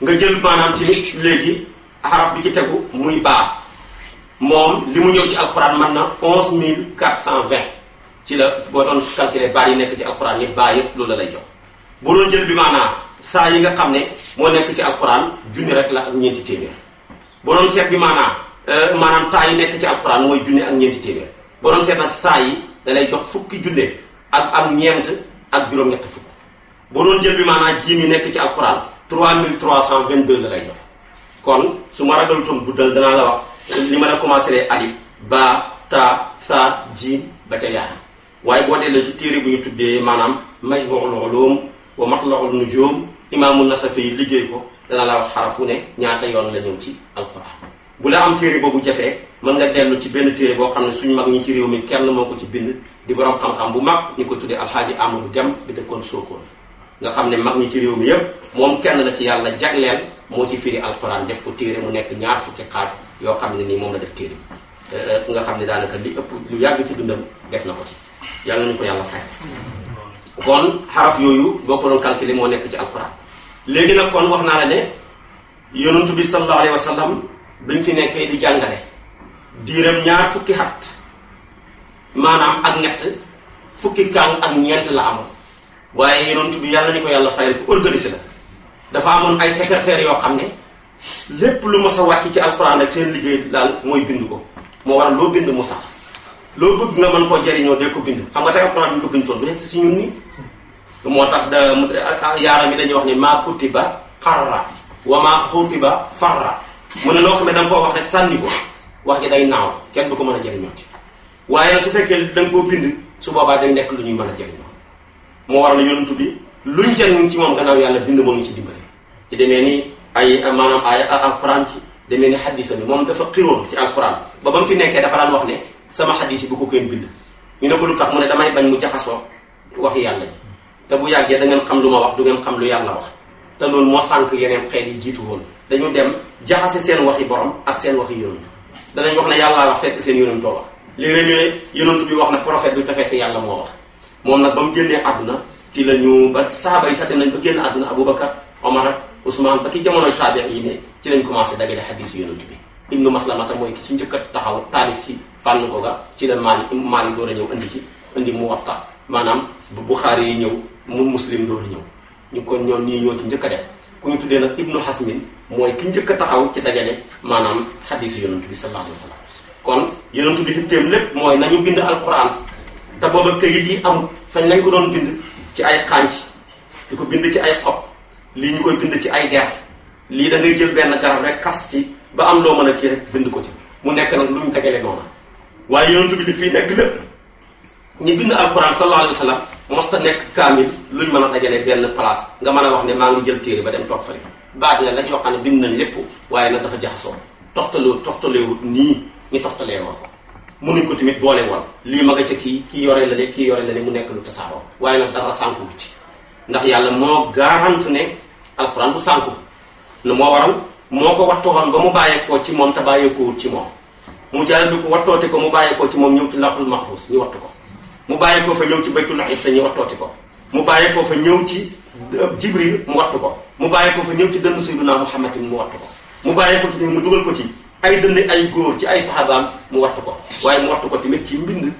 nga jël maanaam ci léegi xaraf bi ci tegu muy baa moom li mu ñëw ci alquran man na onze mille quatre cent vingt ci la boo doon calculer baa yi nekk ci alquran yi baa yépp loolu la lay jox bu doon jël bi maanaa saa yi nga xam ne moo nekk ci alquran junni rek la ak ñeenti téeméer bu doon seet bi maanaa Euh, maanaam taa yi nekk ci alxuraan mooy junne ak ñeenti téeméer boo doon saa yi da lay jox fukki junne ak am ñeent ak juróom-ñett fukk boo jël bi maanaam jiim yi nekk ci alxuraan 3322 la lay jox kon su ma ragalutoon guddal danaa la wax li ma la commencé alif ba ta sa jiim ba ca yaar waaye boo delloo ci téere bu ñu tuddee maanaam majmuul ulum wa matlaul nujum imaamu nasafi liggéey ko dana la wax xarafu ne ñaata yoon la ci alxuraan bu la am téere boobu jafee mën nga dellu ci benn téere boo xam ne suñu mag ñi ci réew mi kenn moo ko ci bind di borom xam-xam bu mag ñu ko tuddee alxaaji Amadou Dem bi dëkkoon Sokone nga xam ne mag ñi ci réew mi yépp moom kenn la ci yàlla jagleel moo ci firi alxuraan def ko téere mu nekk ñaar fukki xaaj yoo xam ne nii moom la def téere nga xam ne daanaka li ëpp lu yàgg ci dundam def na ko ci yàlla nañu ko yàlla fay kon xaraf yooyu boo ko doon calculer moo nekk ci alxuraan léegi nag kon wax naa ne yonent bi sallallahu alayhi wa bi mu fi nekkee di jàngale diiram ñaar fukki xat maanaam ak ñett fukki kàng ak ñeent la amoon waaye yonent bi yàlla ñu ko yàlla fayal ko organisé la dafa amoon ay secrétaire yoo xam ne lépp lu mos a wàcc ci alxuraan ak seen liggéey daal mooy bind ko moo waral loo bind mu sax loo bëgg nga mën koo jëriñoo de ko bind xam nga tey alxuraan bi ko bind toon du si ñun nii moo tax da yaaram yi dañuy wax ne maa kutiba xarra wa maa xutiba farra mu ne loo xam ne da koo wax rek sànni ko wax ji day naaw kenn du ko mën a jëriñoo ci waaye su fekkee da nga koo bind su boobaa day nekk lu ñuy mën a jëriñoo moo waral yonent bi luñ jëriñu ci moom gannaaw yàlla bind moo ci dimbale demee ni ay maanaam ay alquran ci demee ni xadisa bi moom dafa xiroon ci alquran ba ba mu fi nekkee dafa wax sama xadis yi bu ko kenn bind ne ko lu tax mu ne damay bañ mu jaxasoo wax yàlla ji te bu yàggee da ngeen xam lu ma wax du ngeen xam lu yàlla wax te loolu moo sànq yeneen xeet yi jiitu woon dañu dem jaxase seen wax yi borom ak seen waxi yonantu danañ wax ne yàllaa wax fekk seen yonantoo wax léeg-léeg ñu ne yonantu bi wax na prophète bi te fekk yàlla moo wax moom nag ba mu génnee àdduna ci la ñu ba saaba yi sax dem nañ ba génn àdduna Aboubacar Omar ak Ousmane ba ki jamonoy taabiin yi ne ci lañ commencé dagale xadiis yonantu bi ibnu maslamata mooy ki ci njëkk a taxaw taalif ci fànn ko googa ci la maali maali door a ñëw indi ci indi mu waxta maanaam bu buxaari yi ñëw mu muslim door a ñëw ñu kon ñoom ñii ñoo ci njëkk a def ku ñu tuddee nag ibnu xasmin mooy ki njëkk a taxaw ci dajale maanaam xadiisu yonantu bi sallallahu alayhi wa sallam kon yonantu bi xitteem lépp mooy nañu bind alquran te booba këyit yi amul fañ lañ ko doon bind ci ay xànc di ko bind ci ay xob lii ñu koy bind ci ay der lii da ngay jël benn garab rek xas ci ba am loo mën a kii rek bind ko ci mu nekk nag lu ñu dajale noonu waaye yonantu bi li fii nekk lépp ñu bind alquran sallallahu alayhi wa sallam mosta nekk kaamil luñ mën a dajale benn place nga man a wax ne maa ngi jël téere ba dem toog fële baat la lañ yoo xam ne bind nañ lépp waaye nag dafa jaxasoo toftaloo toftaleewut nii ñu toftalee woon ko mënuñ ko tamit boole woon lii ma nga ca kii kii yore la ne kii yore la ne mu nekk lu tasaaroo waaye nag dara sànku ci ndax yàlla moo garante ne alxuraan bu sànku lu moo waral moo ko wattoowoon ba mu bàyyeekoo ci moom te bàyyeekoowut ci moom mu jaay du ko wattoote ko mu bàyyeekoo ci moom ñëw ci laqul maxbuus ñu wattu ko mu bàyyi ko fa ñëw ci baytul isa ñu wattooti ko mu bàyyi ko fa ñëw ci euh, jibril mu wattu ko mu bàyyi ko fa ñëw ci dënd sayyidina muhammad mu wattu ko mu bàyyi ko ci mu dugal ko ci ay dënd ay góor ci ay saxaabaam mu wattu ko waaye mu wattu ko tamit ci mbind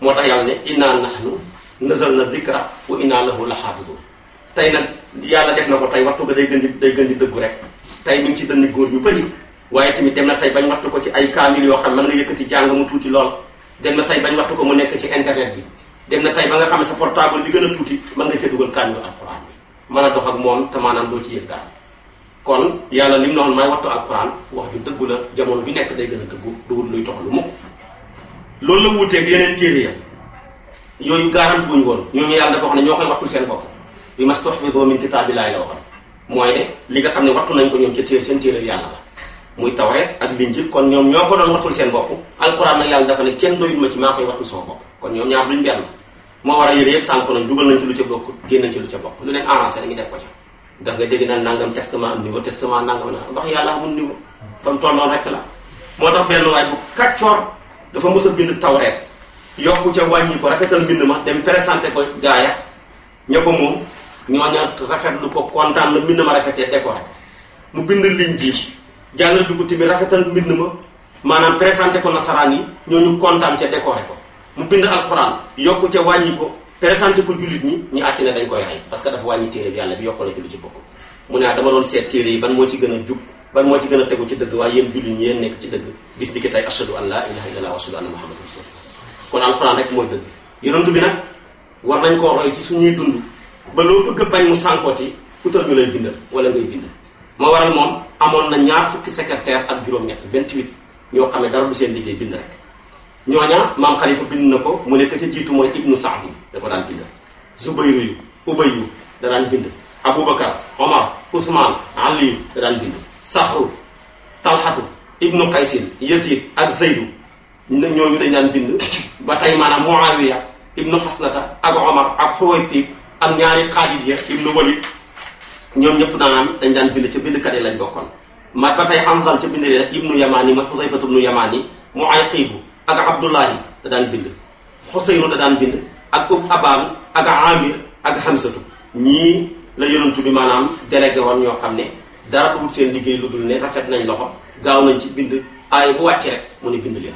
moo tax yàlla ne inna nahnu nazalna dhikra wa inna lahu lahafizun tey nag yàlla def na ko tey wattu ko day gën di day gën di dëggu rek tey ñu ci dënd góor ñu bëri waaye tamit dem na tey bañ wattu ko ci ay kaamil yoo xam mën nga yëkkati jàng mu tuuti lool dem na tey bañ waxtu ko mu nekk ci internet bi dem na tey ba nga xam ne sa portable bi gën a tuuti mën nga ca dugal kàddu alquran bi mën a dox ak moom te maanaam doo ci yëg dara kon yàlla lim noonu may waxtu wax ju dëggu la jamono bi nekk day gën dëggu du wut luy toxalu mukk loolu la wuuteeg yeneen téere ya yooyu garanti woon ñooñu yàlla dafa wax ne ñoo koy wattul seen bopp bi mas tuhfizu min kitaabillahi la waxoon mooy ne li nga xam ne wattu nañ ko ñoom ca téere seen téere yàlla la muy tawreet ak linjil kon ñoom ñoo ko doon seen bopp alquran nag yàlla dafa ne kenn doyul ma ci maa koy wattul sama bopp kon ñoom ñaar duñ benn moo war a yére yëpp sànq nañ dugal nañ ci lu ca bokk génn ko ca daf nga dégg naan nangam testament am niveau testament nangam na wax yàlla amul niveau fam tolloon rek la moo tax benn waay bu bind ma dem présenté ko gaaya ña ko moom ñooña rafetlu ko kontaan la mbind ma rafetee décoré mu bind liñ bii jàngal duguti bi rafetal mbind ma maanaam présenté ko nasaraan yi ñu kontaan ca décoré ko mu bind alxuraan yokk ca wàññi ko présenté ko jullit ñi ñu àcc ne dañ koy rey parce que dafa wàññi téere bi yàlla bi yokk na ci lu ci bokk mu ne ah, dama doon seet téere yi ban moo ci gën a jub ban moo ci gën a tegu ci dëgg waaye yéen jullit ñi yéen nekk ci dëgg bis bi ki tey ashadu an laa ilaha illallah wa ashadu anna kon alxuraan rek mooy dëgg yonent bi nag war nañ koo roy ci suñuy dund ba loo bëgg a bañ mu sànkooti utal ñu lay wala ngay bind moo waral moom amoon na ñaar fukki secrétaire ak juróom-ñett 28 ñoo xam ne dara du seen liggéey bind rek ñooña maam xalifa bind na ko mu nekk ca jiitu mooy ibnu saadi da ko daan bind zubayru yu ubayyu da daan bind aboubacar omar ousmane aliyu da daan bind saxru talxatu ibnu kaysin yazid ak zaydu ñooñu dañ daan bind ba tey maanaam muawiya ibnu xasnata ak omar ak xuwaytib ak ñaari xaalid ya ibnu walid ñoom ñëpp danaan dañ daan bind ca bindkat yi lañ bokkoon ma ba tey Hanzal ca bind rek ibnu yamaani ma xusayfatu ibnu yamaani mu ayqibu ak abdullahi da daan bind xusaynu da daan bind ak ub abaan ak amir ak hamsatu ñii la yonantu bi maanaam délégué woon ñoo xam ne dara duwul seen liggéey lu dul ne rafet nañ loxo gaaw nañ ci bind aay bu wàccee rek mu ne bind leen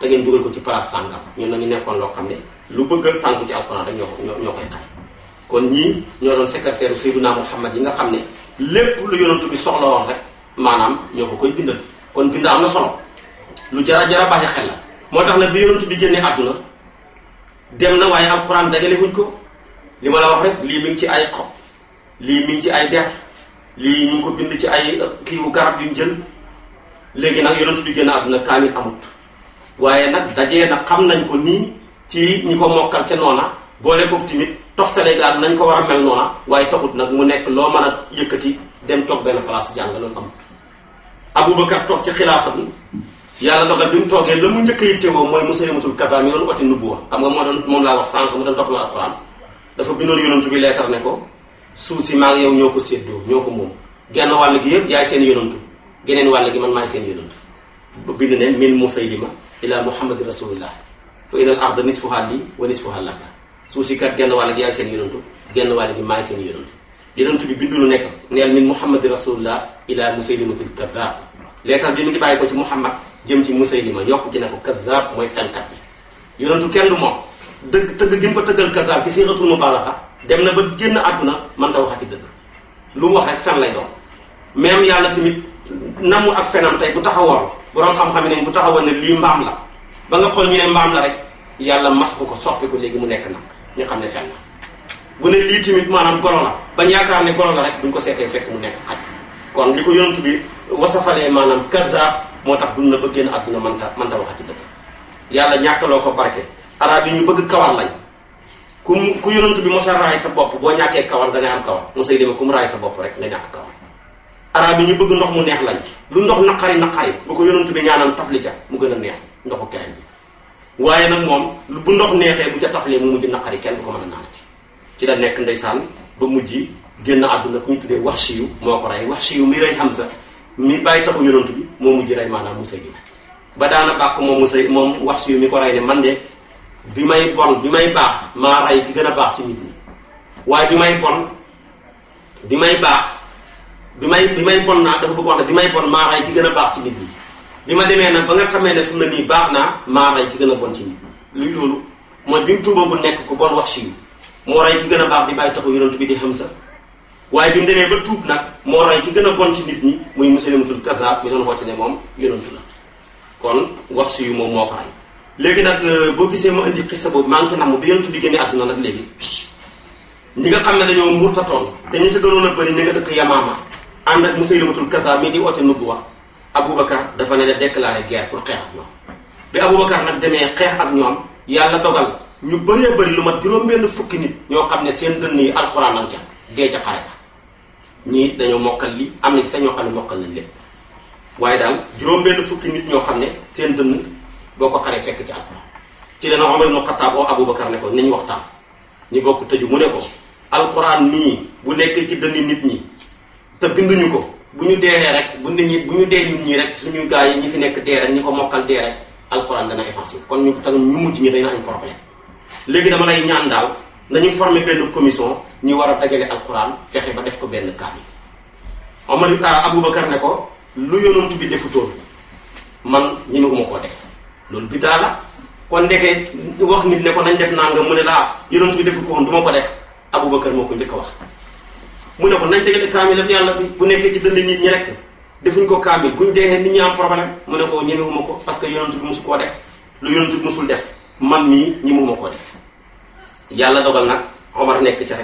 te ngeen dugal ko ci place sàngam ñun nañu nekkoon loo xam ne lu bëgg sànku ci alxuraan rek ñoo ñoo koy xar kon ñii ñoo doon secrétaire u Seydina Muhammad yi nga xam ne lépp lu yonantu bi soxla woon rek maanaam ñoo ko koy bindal kon bind am na solo lu jara jara baaxi xel la moo tax nag bi yonantu bi génnee àdduna dem na waaye alquran dagale wuñ ko li ma la wax rek lii mi ngi ci ay xob lii mi ngi ci ay der lii ñu ngi ko bind ci ay kiiwu garab yu jël léegi nag yonantu bi génn àdduna kaamil amut waaye nag dajee nag xam nañ ko nii ci ñi ko mokkal ca noona boole ko toftale gaag nañ ko war a mel noona waaye taxut nag mu nekk loo mën a yëkkati dem toog benn place jàng loolu amut Aboubacar toog ci xilaafa bi yàlla dogal bi mu toogee la mu njëkk a yittewoo mooy Musaylamatul Kazzaab moo doon moom laa wax sànq mu doon topp la alquran dafa bindoon yonantu bi leetar ne ko suuf si maa ngi yow ñoo ko séddoo ñoo ko moom genn wàll gi yëpp yaay seen yonantu geneen wàll gi man maay seen yonantu ba bind ne min Musaylima ila Muhammadi rasulillah fa ila al suuf si kat genn wàll gi yaay seen yonantu genn wàll gi maay seen yonantu yonantu bi bindu nekk neel min muhammadi rasulullah ila musaylimatil kaddaab leetar bi mu ngi bàyyi ko ci muhammad jëm ci musaylima yokk ci ne ko kaddaab mooy fenkat bi yonantu kenn du moom dëgg tëgg gi mu ko tëggal kaddaab gi siixatul mubaalaxa dem na ba génn àdduna mën ta ci dëgg lu mu wax rek fen lay doon même yàlla tamit namu ak fenam tey bu taxawoon borom xam-xam ne bu taxaw ne lii mbaam ba nga xool ñu ne mbaam rek yàlla mas ko ko soppi léegi mu nekk nag ñu xam ne fen bu ne lii tamit maanaam golo la bañ yaakaar ne golo la rek duñ ko seetee fekk mu nekk xaj kon li ko yonent bi wasafalee maanaam kazaab moo tax dund na ba génn àdduna ta mënta waxati dëgg yàlla ñàkkaloo ko barke arab yi ñu bëgg kawar lañ ku ku yonent bi mosa raay sa bopp boo ñàkkee kawar dangay am kawar mosay demee ku raay sa bopp rek nga ñàkk kawar arab yi ñu bëgg ndox mu neex lañ lu ndox naqari naqari bu ko yonent bi ñaanal tafli mu gën a neex ndoxu keneen bi waaye nag moom bu ndox neexee bu ca taflee mu mujj naqari kenn du ko mën a naanati ci la nekk ndeysaan ba mujj génn àdduna ku ñu tuddee wax si yu moo ko rey wax si mi rey sa mi bàyyi taxu yonantu bi moo mujj rey maanaam Musayliba ba daana bàkk moom Musay moom wax si yu mi ko man de bi may bon bi may baax maa rey ki gën a baax ci nit ñi waaye bi may bon bi may baax bi may bi may bon naa dafa bëgg wax ne bi may bon maa rey ki gën a baax ci nit ñi bi ma demee nag ba nga xamee ne fu mu ne nii baax naa maa rey ki gën a bon ci ñi lu loolu mooy bi mu tuuboo bu nekk ku bon wax si moo rey ki gën a baax di bàyyi taxu yonent bi di demee ba tuub nag moo ki gën a bon ci nit ñi muy Musaylimatul Kazzaab mi doon wàcc ne moom yonent la kon wax si yu moom moo ko rey léegi nag euh, boo gisee ma indi xissa boobu maa ngi ci namm bi yonent bi génnee àdduna nag léegi ñi nga xam ne dañoo murtatoon te ñi ca gënoon a bëri ñi nga dëkk Yamaama ànd ak Musaylimatul Kazzaab mi di oote nubuwa Aboubacar dafa leen a déclaré guerre pour xeex ak ñoom bi Aboubacar nag demee xeex ak ñoom yàlla dogal ñu bëree bëri lu mat juróom-benn fukki nit ñoo xam ne seen dënn yi alxuraan lañ ca dee ca xare ba ñii dañoo mokkal li am na sax ñoo xam ne mokkal nañ lépp waaye daal juróom-benn fukki nit ñoo xam ne seen dënn boo ko xaree fekk ci alxuraan ci dana Omar ibn Xattaab oo ne ko nañ waxtaan ñu bokk tëju mu ne ko alxuraan mii bu nekkee ci dënn nit ñi te binduñu ko. bu ñu deeree rek bu nit ñi bu ñu dee ñun ñi rek suñu gars yi ñi fi nekk dee rek ñi ko mokkal dee rek alxuraan dana effacé kon ñu tax ñu mujj ñi dana am problème léegi dama lay ñaan daal nañu former benn commission ñu war a dajale alxuraan fexe ba def ko benn kaamil Omar ah, Aboubacar ne ko lu yonent bi defutoon man ñemewuma koo def loolu bi daa kon ndeke wax nit ne ko nañ def nangam mu ne laa yonent bi defu ko woon du ma ko def Aboubacar moo ko njëkk a wax mu ne ko nañ tegale kaamilam yàlla bi bu nekkee ci dënd nit ñi rek defuñ ko kaamil buñ deexee nit ñi am problème mu ne ko ñemewuma ko parce que yonent bi mosu koo def lu yonent bi mosul def man mii ñemewuma ko def yàlla dogal nag Omar nekk ci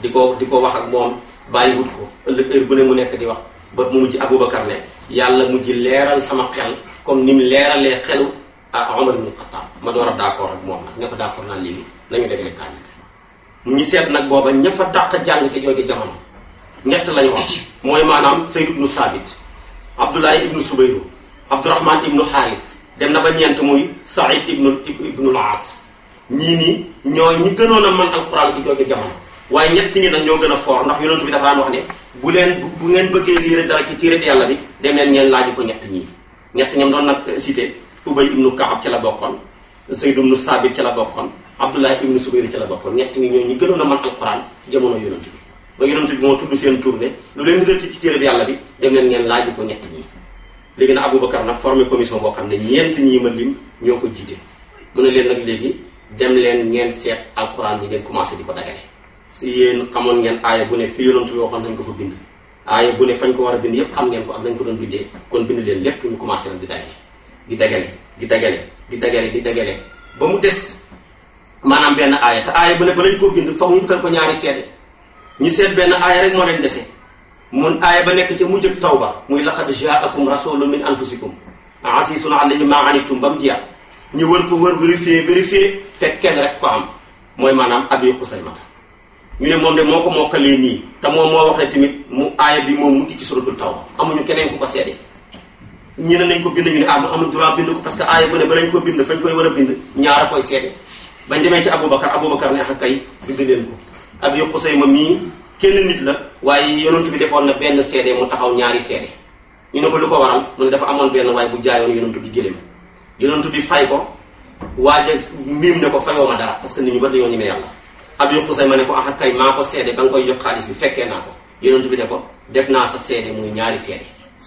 di ko di ko wax ak moom bàyyiwut ko ëllëg heure bu ne mu nekk di wax ba mu mujj Aboubacar ne yàlla mujj leeral sama xel comme ni mu leeralee xelu ah Omar ibn Khattab ma door a d'accord ak moom nag ne ko d'accord naan léegi nañu dégale kaamil ñu seet nag booba ña fa dàq jàng ca jooju jamono ñett lañu wax mooy maanaam Zayd ibnu Saabit Abdullahi ibnu Subayru Abdurahman ibnu Xaaris dem na ba ñeent muy Saïd ibnu ibnu Laas ñii nii ñooy ñi gënoon a mën alquran ci jooju jamono waaye ñett ñi nag ñoo gën a foor ndax yonent bi dafa daan wax ne bu leen bu ngeen bëggee liire dara ci téere yàlla bi dem leen ngeen laaju ko ñett ñii ñett ñam doon nag cité Ubay ibnu Kaab ci la bokkoon Zayd ibnu Saabit ci la bokkoon Abdullah ibnu Subayr ci la bokkoon ñett ñi ñoo ñu gënoon a man alquran jamono yonent bi ba yonent bi moo tudd seen tournée lu leen rëcc ci téere bi yàlla bi dem leen ngeen laaj ko ñett ñi léegi nag Aboubacar nag formé commission boo xam ne ñeent ñii ma lim ñoo ko jiite mu ne leen nag léegi dem leen ngeen seet alquran yi ngeen commencé di ko dagale si yéen xamoon ngeen aaya bu ne fi yonent bi ne nañ ko fa bind aaya bu ne fañ war a xam ngeen ko ak nañ ko doon bindee kon bind leen lépp ñu commencé nag di dagale di dagale di dagale di dagale di dagale ba mu maanaam benn aaya te aaya bu ne ba lañ koo bind foog ñu utal ñu seet benn aaya rek moo leen ba nekk ca mujjëg tawba muy laqad jaakum rasulun min anfusikum asisun alayhi ma anittum ba mu jeex ñu wër ko wër vérifier vérifier fekk kenn rek ko am mooy maanaam abi xusaymata ñu ne moom de moo ko mokkalee nii te moom moo wax tamit mu aaya bi moom mujj ci suratul tawba amuñu keneen ko seede ñu ne nañ ko bind ñu ne ah, que aaya bu ne ba koy war a bind ñaar a koy seede bañ demee ci Aboubacar Aboubacar ne ah kay bind leen ko Abi Xusayma mii kenn nit la waaye yonent bi defoon na benn seede mu taxaw ñaari seede ñu ne ko lu ko waral mu ne dafa amoon benn waay bu jaayoon yonent bi gëléem yonent bi fay ko waaja miim ne ko fayoo ma dara parce que nit ñu bari dañoo ñeme yàlla Abi Xusayma ne ko ah kay maa ko seede ba nga koy jox xaalis bi fekkee naa ko yonent bi ne ko def naa sa seede muy ñaari seede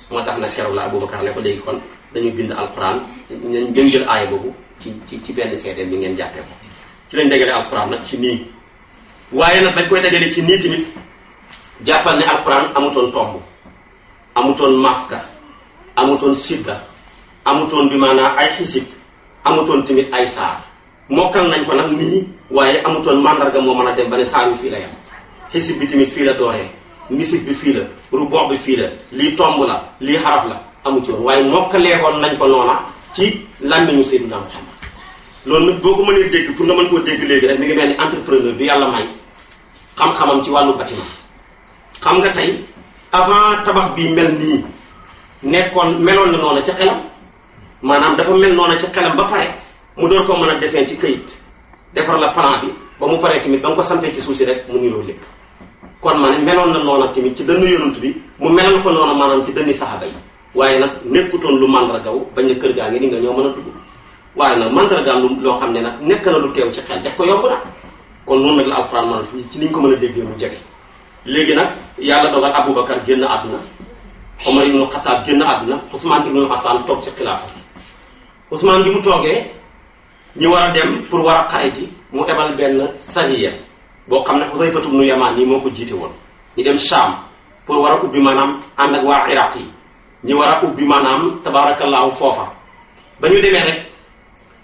moo tax na keroog la Aboubacar ne ko léegi kon dañu bind alquran ngeen jël aaya boobu ci ci ci benn seede bi ngeen jàppee ko ci lañ dajale alquran nag ci nii waaye nag dañ koy dajale ci nii tamit jàppal ne alquran amutoon tomb amutoon maska amutoon sidda amutoon bi maanaam ay xisib amutoon tamit ay saar mokkal nañ ko nag nii waaye amutoon mandarga moo mën a dem ba ne saar yu fii la yam xisib bi tamit fii la dooree nisib bi fii la rubox bi fii la lii tomb la lii xaraf la amu ci woon waaye mokkaleekoon nañ ko noona ci làmmiñu Seydina Muhammad loolu nag boo ko mënee dégg pour nga mën koo dégg léegi rek mi ngi mel ni entrepreneur bi yàlla may xam-xamam ci wàllu bâtiment xam nga tey avant tabax bi mel nii nekkoon meloon na noonu ca xelam maanaam dafa mel noonu ca xelam ba pare mu door ko mën a dessin ci këyit defar la plan bi ba mu paree tamit ba nga ko sampee ci suuf si rek mu ngi loolu lépp kon maanaam meloon na noonu tamit ci dënnu yonent bi mu melal ko noonu maanaam ci dënni saxaaba yi waaye nag nekkutoon lu màndargaw bañ ne kër gaa ngi ni nga ñoo mën a dugg waaye nag mandargaam lu loo xam ne nag nekk na lu teew ci xel def ko yomb na kon noonu nag la alxuraan man ci niñ ko mën a déggee mu jege léegi nag yàlla dogal Aboubacar génn àdduna Omar ibnu Xataab génn àdduna Ousmane ibnu Hassan toog ci xilaafa bi Ousmane bi mu toogee ñi war a dem pour war a xare ji mu ebal benn sariya boo xam ne Xusayfatu ibnu Yamaan nii moo ko jiite woon ñu dem Sham pour war a ubbi maanaam ànd ak waa Iraq yi ñi war a ubbi maanaam tabaarakallaahu foofa ba ñu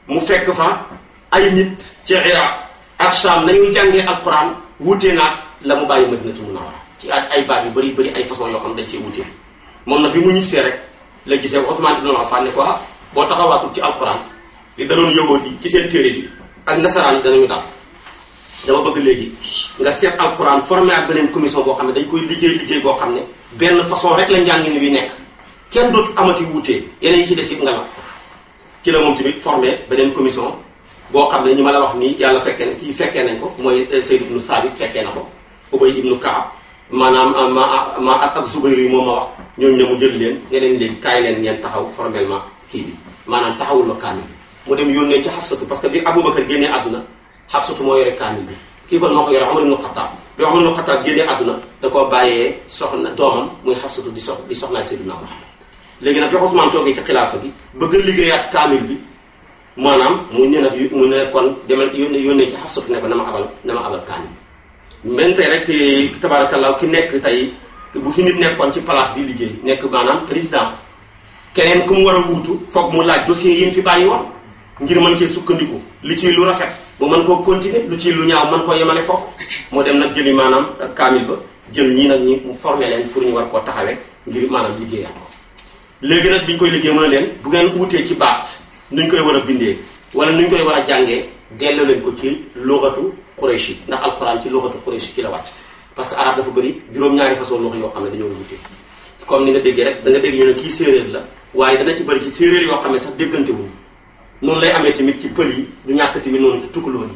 mu fekk fa ay nit ci iraq ak Saam nañuy jàngee alquran wutee naag la mu bàyyi Madinatu Munawwara ci at ay baat yu bëri bëri ay façon yoo xam dañ cee wutee moom na bi mu ñibbisee rek la gisee Ousmane ibn Affan ne ko ah, boo taxawaatul ci alquran li daloon yahood yi ci seen téere bi ak nasaraan yi danañu dal dama bëgg léegi nga seet alquran formé ak beneen commission boo xam ne dañ koy liggéey liggéey boo xam ne benn façon rek la njàngin wi nekk kenn dootu amati wuutee yeneen yi ci des yëpp nga la ci la moom tamit formé beneen commission boo xam ne ñi ma la wax nii yàlla fekkee na kii fekkee nañ ko mooy euh, Sayd ibnu Saabit fekkee na ko Ubay ibnu Kaab maanaam euh, ma euh, ma ak ak Zubayr yi moom ma wax ñooñu ne mu jël leen ne leen léegi kaay leen ngeen taxaw formellement kii bi maanaam taxawul la kaamil mu dem yónnee ci Xafsatu parce que bi Aboubacar génnee àdduna Xafsatu moo yore kaamil bi kii kon moo ko yore Omar ibnu Xataab bi Omar ibnu Xataab génnee àdduna da koo bàyyee soxna doomam muy Xafsatu di sox di soxnaa Seydina Muhammad léegi nag bi Ousmane toogee ci xilaafa bi bëgg a liggéeyaat kaamil bi maanaam mu ne nag mu ne kon demal yónnee yónnee ci Xafsatu ne ko na ma abal na ma abal kaamil bi. même tey rek tabaarakallaa ki nekk tey bu fi nit nekkoon ci place di liggéey nekk maanaam président keneen ku mu war a wuutu foog mu laaj dossier yi fi bàyyi woon ngir mën cee sukkandiku li ci lu rafet bu mën koo continuer lu ci lu ñaaw man koo yemale foofu moo dem nag jëli maanaam kaamil ba jël ñii nag ñi mu formé leen pour ñu war koo taxawee ngir maanaam liggéeyam. léegi nag bi ñu koy liggéey mën a leen bu ngeen uutee ci baat nuñ koy war a bindee wala nuñ koy war a jàngee delloo leen ko ci luxatu Quraysh ndax alquran ci luxatu Quraysh ci la wàcc parce que arab dafa bari juróom-ñaari façon luxa yoo xam ne dañoo wuute comme ni nga déggee rek da nga dégg ñu ne kii séeréer la waaye dana ci bëri ci séeréer yoo xam ne sax déggante wu noonu lay amee tamit ci pël yi du ñàkk tamit noonu ci tukkuloo yi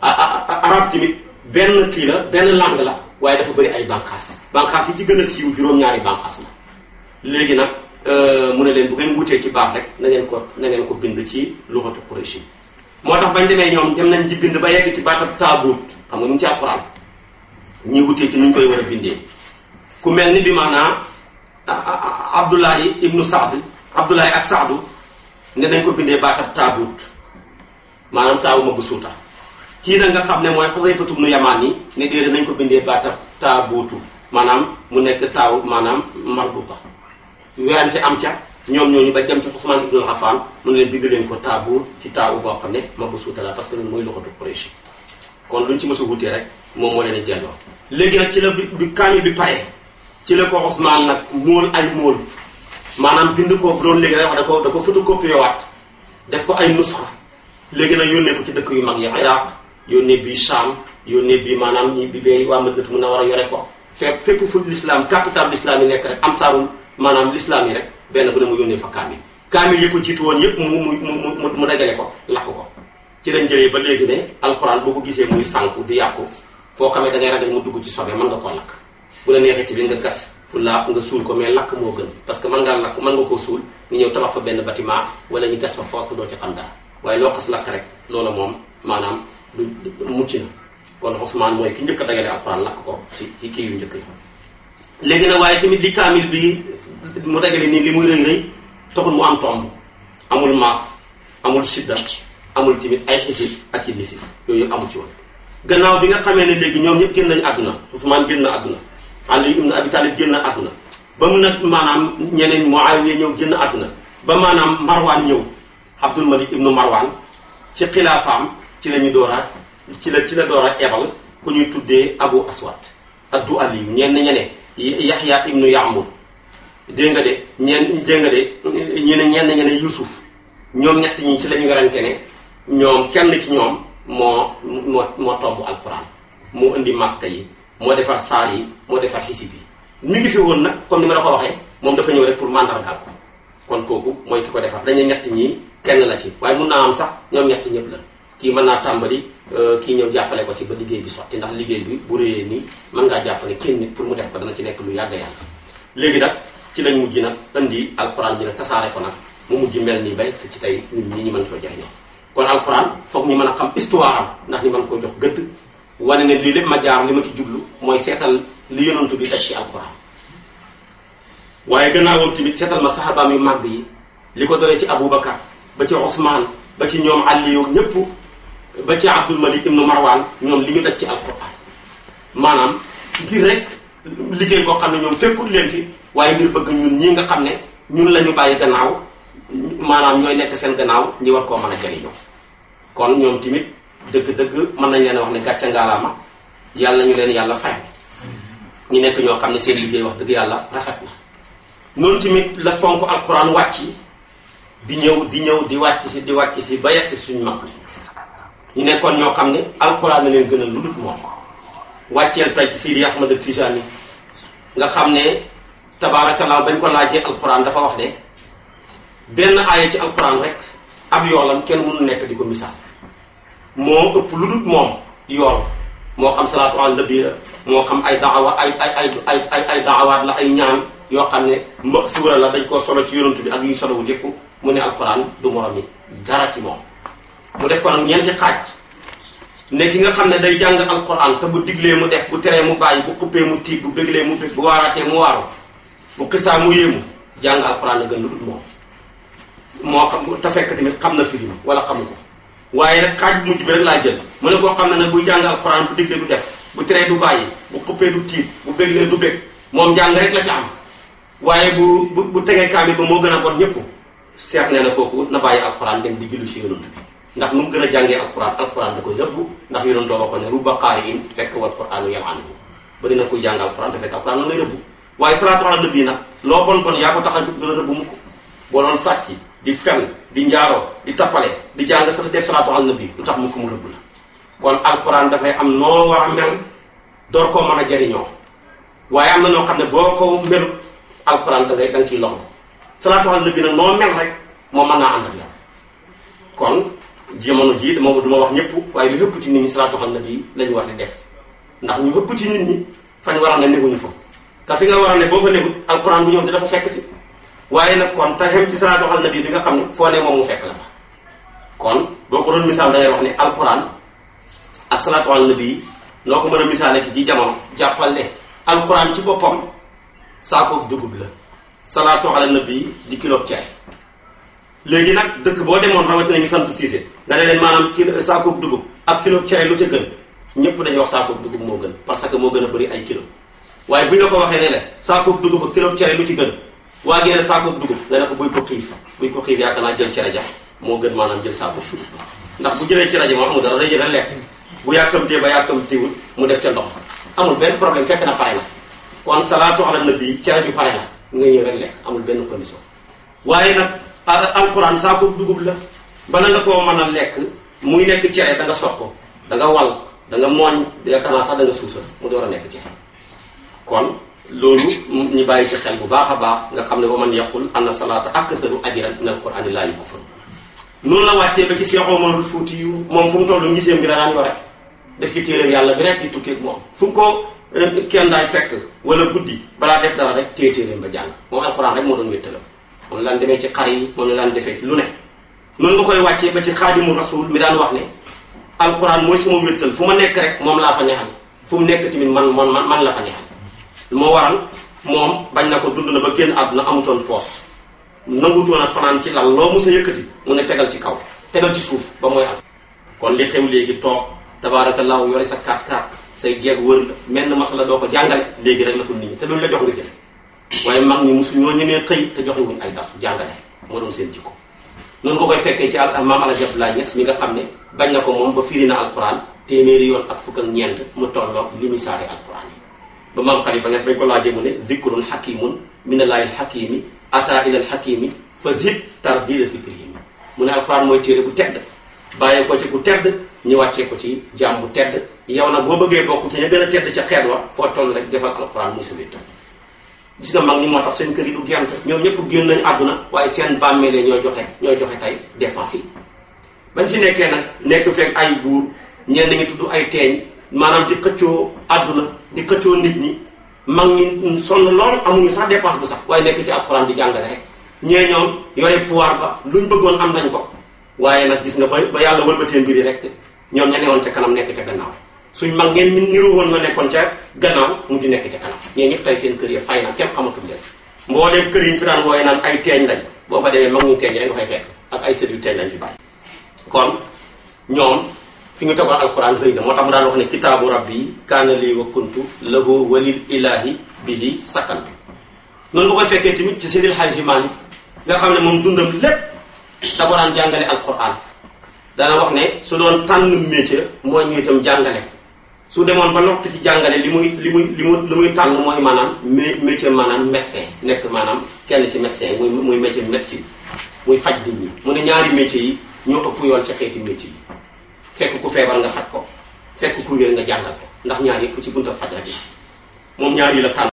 arab tamit benn kii la benn langue la waaye dafa bëri ay banqaas banqaas yi ci gën a siiw juróom-ñaari banqaas la léegi nag Euh, mu ne leen bu ngeen wutee ci baax rek na ko na ngeen ko bind ci luxatu Quraysh moo tax bañ demee ñoom dem nañ ci bind ba yegg ci baatab taabuut xam nga mu ngi ci mel ni bi maanaa Abdullahi ibnu Saad ak Saadu nañ ko bindee baatab taabuut maanaam taawu ma bu suuta kii nag nga xam ne mooy Xusayfatu Yamaan yi nañ ko bindee baatab taabuutu maanaam mu nekk taaw maanaam marbuta werante am ca ñoom ñooñu ba dem ca Ousmane ibn Affan mu ne leen bind leen ko taabuur ci taabu boo xam ne ma bu suutala parce que loolu mooy loxo du Quraysh kon luñ ci mos a wutee rek moom moo leen jelloo léegi nag ci la bi kaamil bi pare ci la ko Ousmane nag móol ay móol maanaam bind ko doon léegi rek da ko da ko photocopie waat def ko ay nusxa léegi nag yónnee ko ci dëkk yu mag yi Iraq yónnee bii Sham yónnee bii maanaam ñi bi bee waa Madinatu Munawwara yore ko fépp fépp fu l'islam capital l'islam yi nekk rek am saarum maanaam lislaam yi rek benn bu ne mu yónnee fa kaamil kaamil yi ko jiitu woon yëpp mu mu mu mu dajale ko lakk ko ci lañ jëlee ba léegi ne alxuraan boo ko gisee muy sànku di yàqu foo xamee da ngay ragal mu dugg ci sobe mën nga koo lakk bu la neexee ci biir nga gas fu laa nga suul ko mais lakk moo gën parce que man ngaa lakk mën nga koo suul ñu ñëw tabax fa benn bâtiment wala ñu gas fa foos doo ci xam dara waaye loo xas lakk rek loola moom maanaam du mucc na wala Usmaan mooy ki njëkk a dagale lakk ko ci ci kii yu njëkk mu dajale nii li muy rëy rëy taxul mu am tomb amul maas amul sidda amul tamit ay xisib ak i nisif yooyu yëpp amu ci woon. gannaaw bi nga xamee ne léegi ñoom ñëpp génn nañu àdduna Ousmane génn na àdduna Ali ibn Abi Talib génn na àdduna ba mu nag maanaam ñeneen Muawiya ñëw génn àdduna ba maanaam Marwaan ñëw Abdul Malik ibnu Marwaan ci xilaafaam ci la ñu dooraat ci la ci la door a ebal ku ñuy tuddee Abu Aswad addu Ali ñenn ñeneen Yaxya ibnu Yaamur dégg nga de ñeen dégg nga de ne ñenn ñe ne Yuusuf ñoom ñetti ñii ci lañu werante ne ñoom kenn ci ñoom moo moo moo tomb alquran moo indi masque yi moo defar saar yi moo defar xisib yi mi ngi fi woon nag comme ni ma la ko waxee moom dafa ñëw rek pour mandargaal ko kon kooku mooy ki ko defar dañuy ñetti ñii kenn la ci waaye mun naa am sax ñoom ñetti ñëpp la kii mën naa tàmbali euh, kii ñëw jàppale ko ci ba liggéey bi sotti ndax liggéey bi bu réyee nii mën ngaa jàppale kenn nit pour mu def ko dana ci nekk lu yàgg léegi nag ci lañ mujj nag indi alquran bi nag tasaare ko nag mu mujj mel ni bay si ci tey ñun ñii ñu mën koo jariñoo kon alquran foog ñu mën a xam histoire am ndax ñu mën koo jox gëdd wane ne lii lépp ma jaar li ma ci jublu mooy seetal li yonantu bi daj ci alquran waaye gannaawam tamit seetal ma saxaabaam yu mag yi li ko dalee ci Aboubacar ba ci Ousmane ba ci ñoom Aliyu ñëpp ba ci Abdul Malik ibnu Marwan ñoom li ñu daj ci alquran maanaam ngir rek liggéey boo xam ne ñoom fekkut leen fi waaye ngir bëgg ñun ñi nga xam ne ñun lañu bàyyi gannaaw maanaam ñooy nekk seen gannaaw ñi war koo man a jëriñoo kon ñoom tamit dëgg-dëgg mën nañ leen wax ne gàcce ngaalaama yàlla ñu leen yàlla fay ñu nekk ñoo xam ne seen liggéey wax dëgg yàlla rafet na noonu tamit la fonk alquran wàcc di ñëw di ñëw di wàcc si di wàcc si ba yegg si suñu mag ñu nekkoon ñoo xam ne alquran na leen gën a lu dul moom wàcceel tey ci Sidi Ahmad Tijani nga xam ne tabaarakallah bañ ko laajee alquran dafa wax de benn aaya ci alquran rek ab yoolam kenn mënu nekk di ko misaal moo ëpp lu dul moom yool moo xam salaatu ala nabi la moo xam ay daawa ay ay ay ay ay daawaat la ay ñaan yoo xam ne mba suura la dañ koo solo ci yonantu bi ak yu solo solowu yëpp mu ne alquran du morom yi dara ci moom mu def ko nag ñeenti xaaj ne ki nga xam ne day jàng alquran te bu diglee mu def bu teree mu bàyyi bu xuppee mu tiit bu déglee mu dég bu waaraatee mu waaru bu xisaa mu yéemu jàng alquran la gën lu dul moom moo xam te fekk tamit wala xamu waaye rek xaaj bu mujj bi laa jël mu ne xam ne nag buy jàng alquran bu diglee du def bu teree du bàyyi bu xuppee du tiit bu béglee du bég moom jàng rek la ca am waaye bu bu tegee kaamil ba moo gën a bon ñëpp seet nee na kooku na bàyyi alquran dem di julli si yonent bi ndax nu mu gën a jàngee alquran alquran da ko ne rubba qaari'in fekk wal qur'aanu yam'anuhu bëri na koy jàng alquran te fekk alquran la lay waaye salaatu ala nabi nag loo bon bon a jug du la boo doon sàcc di fen di njaaroo di tappale di jàng sax def salaatu lu tax mukk mu rëbb la kon dafay am noo war a mel door koo mën a jariñoo waaye am na ñoo xam ne boo ko melu alquran da ngay da nga ciy loxo salaatu ala nabi noo mel rek moo mën naa ànd ak yow kon jamono jii dama du ma wax ñëpp waaye li ëpp ci nit ñi salaatu xam na bii lañu wax di def ndax ñu ëpp ci nit ñi fañ war a ne neguñu fa te fi nga war a ne boo fa negut alquran bu ñëw di dafa fekk si waaye nag kon taxew ci salaatu xam na bii bi nga xam ne foo ne moom mu fekk la fa kon boo ko doon misaal da ngay wax ne alquran ak salaatu ala nabi noo ko mën a misaale ci ji jamono jàppale ne alquran ci boppam saakoob dugub la salaatu ala nabi di kilo caay léegi nag dëkk boo demoon rawatina ñu sant siise nga ne leen maanaam kilo saakoob dugub ak kilo cere lu ca gën ñépp dañuy wax saakoob dugub moo gën parce que moo gën a bëri ay kilo waaye bu ñu la ko waxee ne la saakoob dugub ak kilo cere lu ci gën waa gi ne saakoob dugub nga ko buy ko xiif buy ko xiif yaakaar naa jël cere ja moo gën maanaam jël saakoob dugub ndax bu jëlee cere ja moom amul dara day jël lekk bu yàkkamtee ba yàkkamtiwul mu def ca ndox amul benn problème fekk na pare la kon salaatu ala nabi cere ju pare la nga ñëw rek lekk amul benn condition waaye nag alquran saako dugub la bala nga koo man a lekk muy nekk cere da nga sot ko da nga wal da nga mooñ yaakaar naa sax da nga suusal mu door a nekk cere kon loolu ñu bàyyi ci xel bu baax a baax nga xam ne wa man yaqul anna salaata aksaru ajran min alqurani laa yukfar noonu la wàccee ba ci Cheikh Omarul Fuuti yu moom fu mu toll ngiseem bi daan yore def ci téere yàlla bi rek di tukkeeg moom fu ko eh, kenn daay fekk wala guddi balaa def dara rek téye téeréem ba moo doon wéttalam moom laan demee ci xar yi moom laan defee ci lu ne noonu nga koy wàccee ba ci xaadimu rasul mi daan wax ne alquran mooy suma wéttal fu ma nekk rek moom laa fa neexal fu mu nekk tamit man man man la fa neexal lu ma waral moom bañ na ko dund na ba génn àdduna amutoon poos nangutoon a fanaan ci lal loo musa yëkkati mu ne tegal ci kaw tegal ci suuf ba mooy am kon li xew léegi toog tabaarakallaahu yore sa kaat kaat say jeeg wër la mel na masala doo ko jàngale léegi rek la ko nit ñi te duñ la jox waaye mag ñi mosu ñoo ñemee xëy te joxe wuñ ay dars jàngale moo doon seen jikko noonu ko koy fekkee ci al maam Alaaji Abdoulaye Niass mi nga xam ne bañ na ko moom ba firi na alquran téeméeri yoon ak fukk ak ñeent mu tolloog li mu saare alquran yi ba maam Xalifa Niass bañ ko laajee mu ne zikrun xakimun minallaahi alxakimi ata ila alxakimi fa zid tardila fikrihim mu ne alquran mooy téere bu tedd bàyyee ko ci ku tedd ñu wàccee ko ci jaam bu tedd yow nag boo bëggee bokk ci ñu gën a tedd ca xeet wa foo toll rek defal alquran muy sa wéttal gis nga mag ñi moo tax seen kër yi du gent ñoom ñëpp génn nañu àdduna waaye seen bàmmeele ñoo joxe ñoo joxe tey dépense yi bañ fi nekkee nag nekk fekk ay buur ñenn ñi tudd ay teeñ maanaam di xëccoo àdduna di xëccoo nit ñi mag ñi sonn lool amuñu sax dépense bu sax waaye nekk ci alxuraan di jàngale rek ñee ñoom yore pouvoir ba luñ bëggoon am nañ ko waaye nag gis nga ba ba yàlla wëlbatee mbir yi rek ñoom ña woon ca kanam nekk ca gannaaw suñ mag ngeen ñu niroo woon nga nekkoon ca gannaaw mu di nekk ca kanam ñee ñëpp tey seen kër ya fay na kenn xamatuñ leen mbooleem kër yi ñu fi daan wooye naan ay teeñ lañ boo fa demee mag ñu teeñ rek nga fay fekk ak ay sët yu teeñ lañ fi bàyyi kon ñoom fi ñu tegoon alquran rëy na moo tax mu daan wax ne kitaabu rabbi kaana lii wa kuntu lahu walil ilahi bihi sakkan noonu nga koy fekkee tamit ci Seydil Hadji Malick nga xam ne moom dundam lépp da ko daan wax ne su doon tànn métier mooy su demoon ba noppi ci jàngale li muy li muy li mu li muy tànn mooy maanaam mé métier maanaam médecin nekk maanaam kenn ci médecin muy muy métier médecine muy faj nit ñi mu ne ñaari métier yi ñoo ëpp yoon ci xeeti métier yi fekk ku feebar nga faj ko fekk ku wér nga jàngal ko ndax ñaar yëpp ci bunta faj rek moom ñaar yi la tànn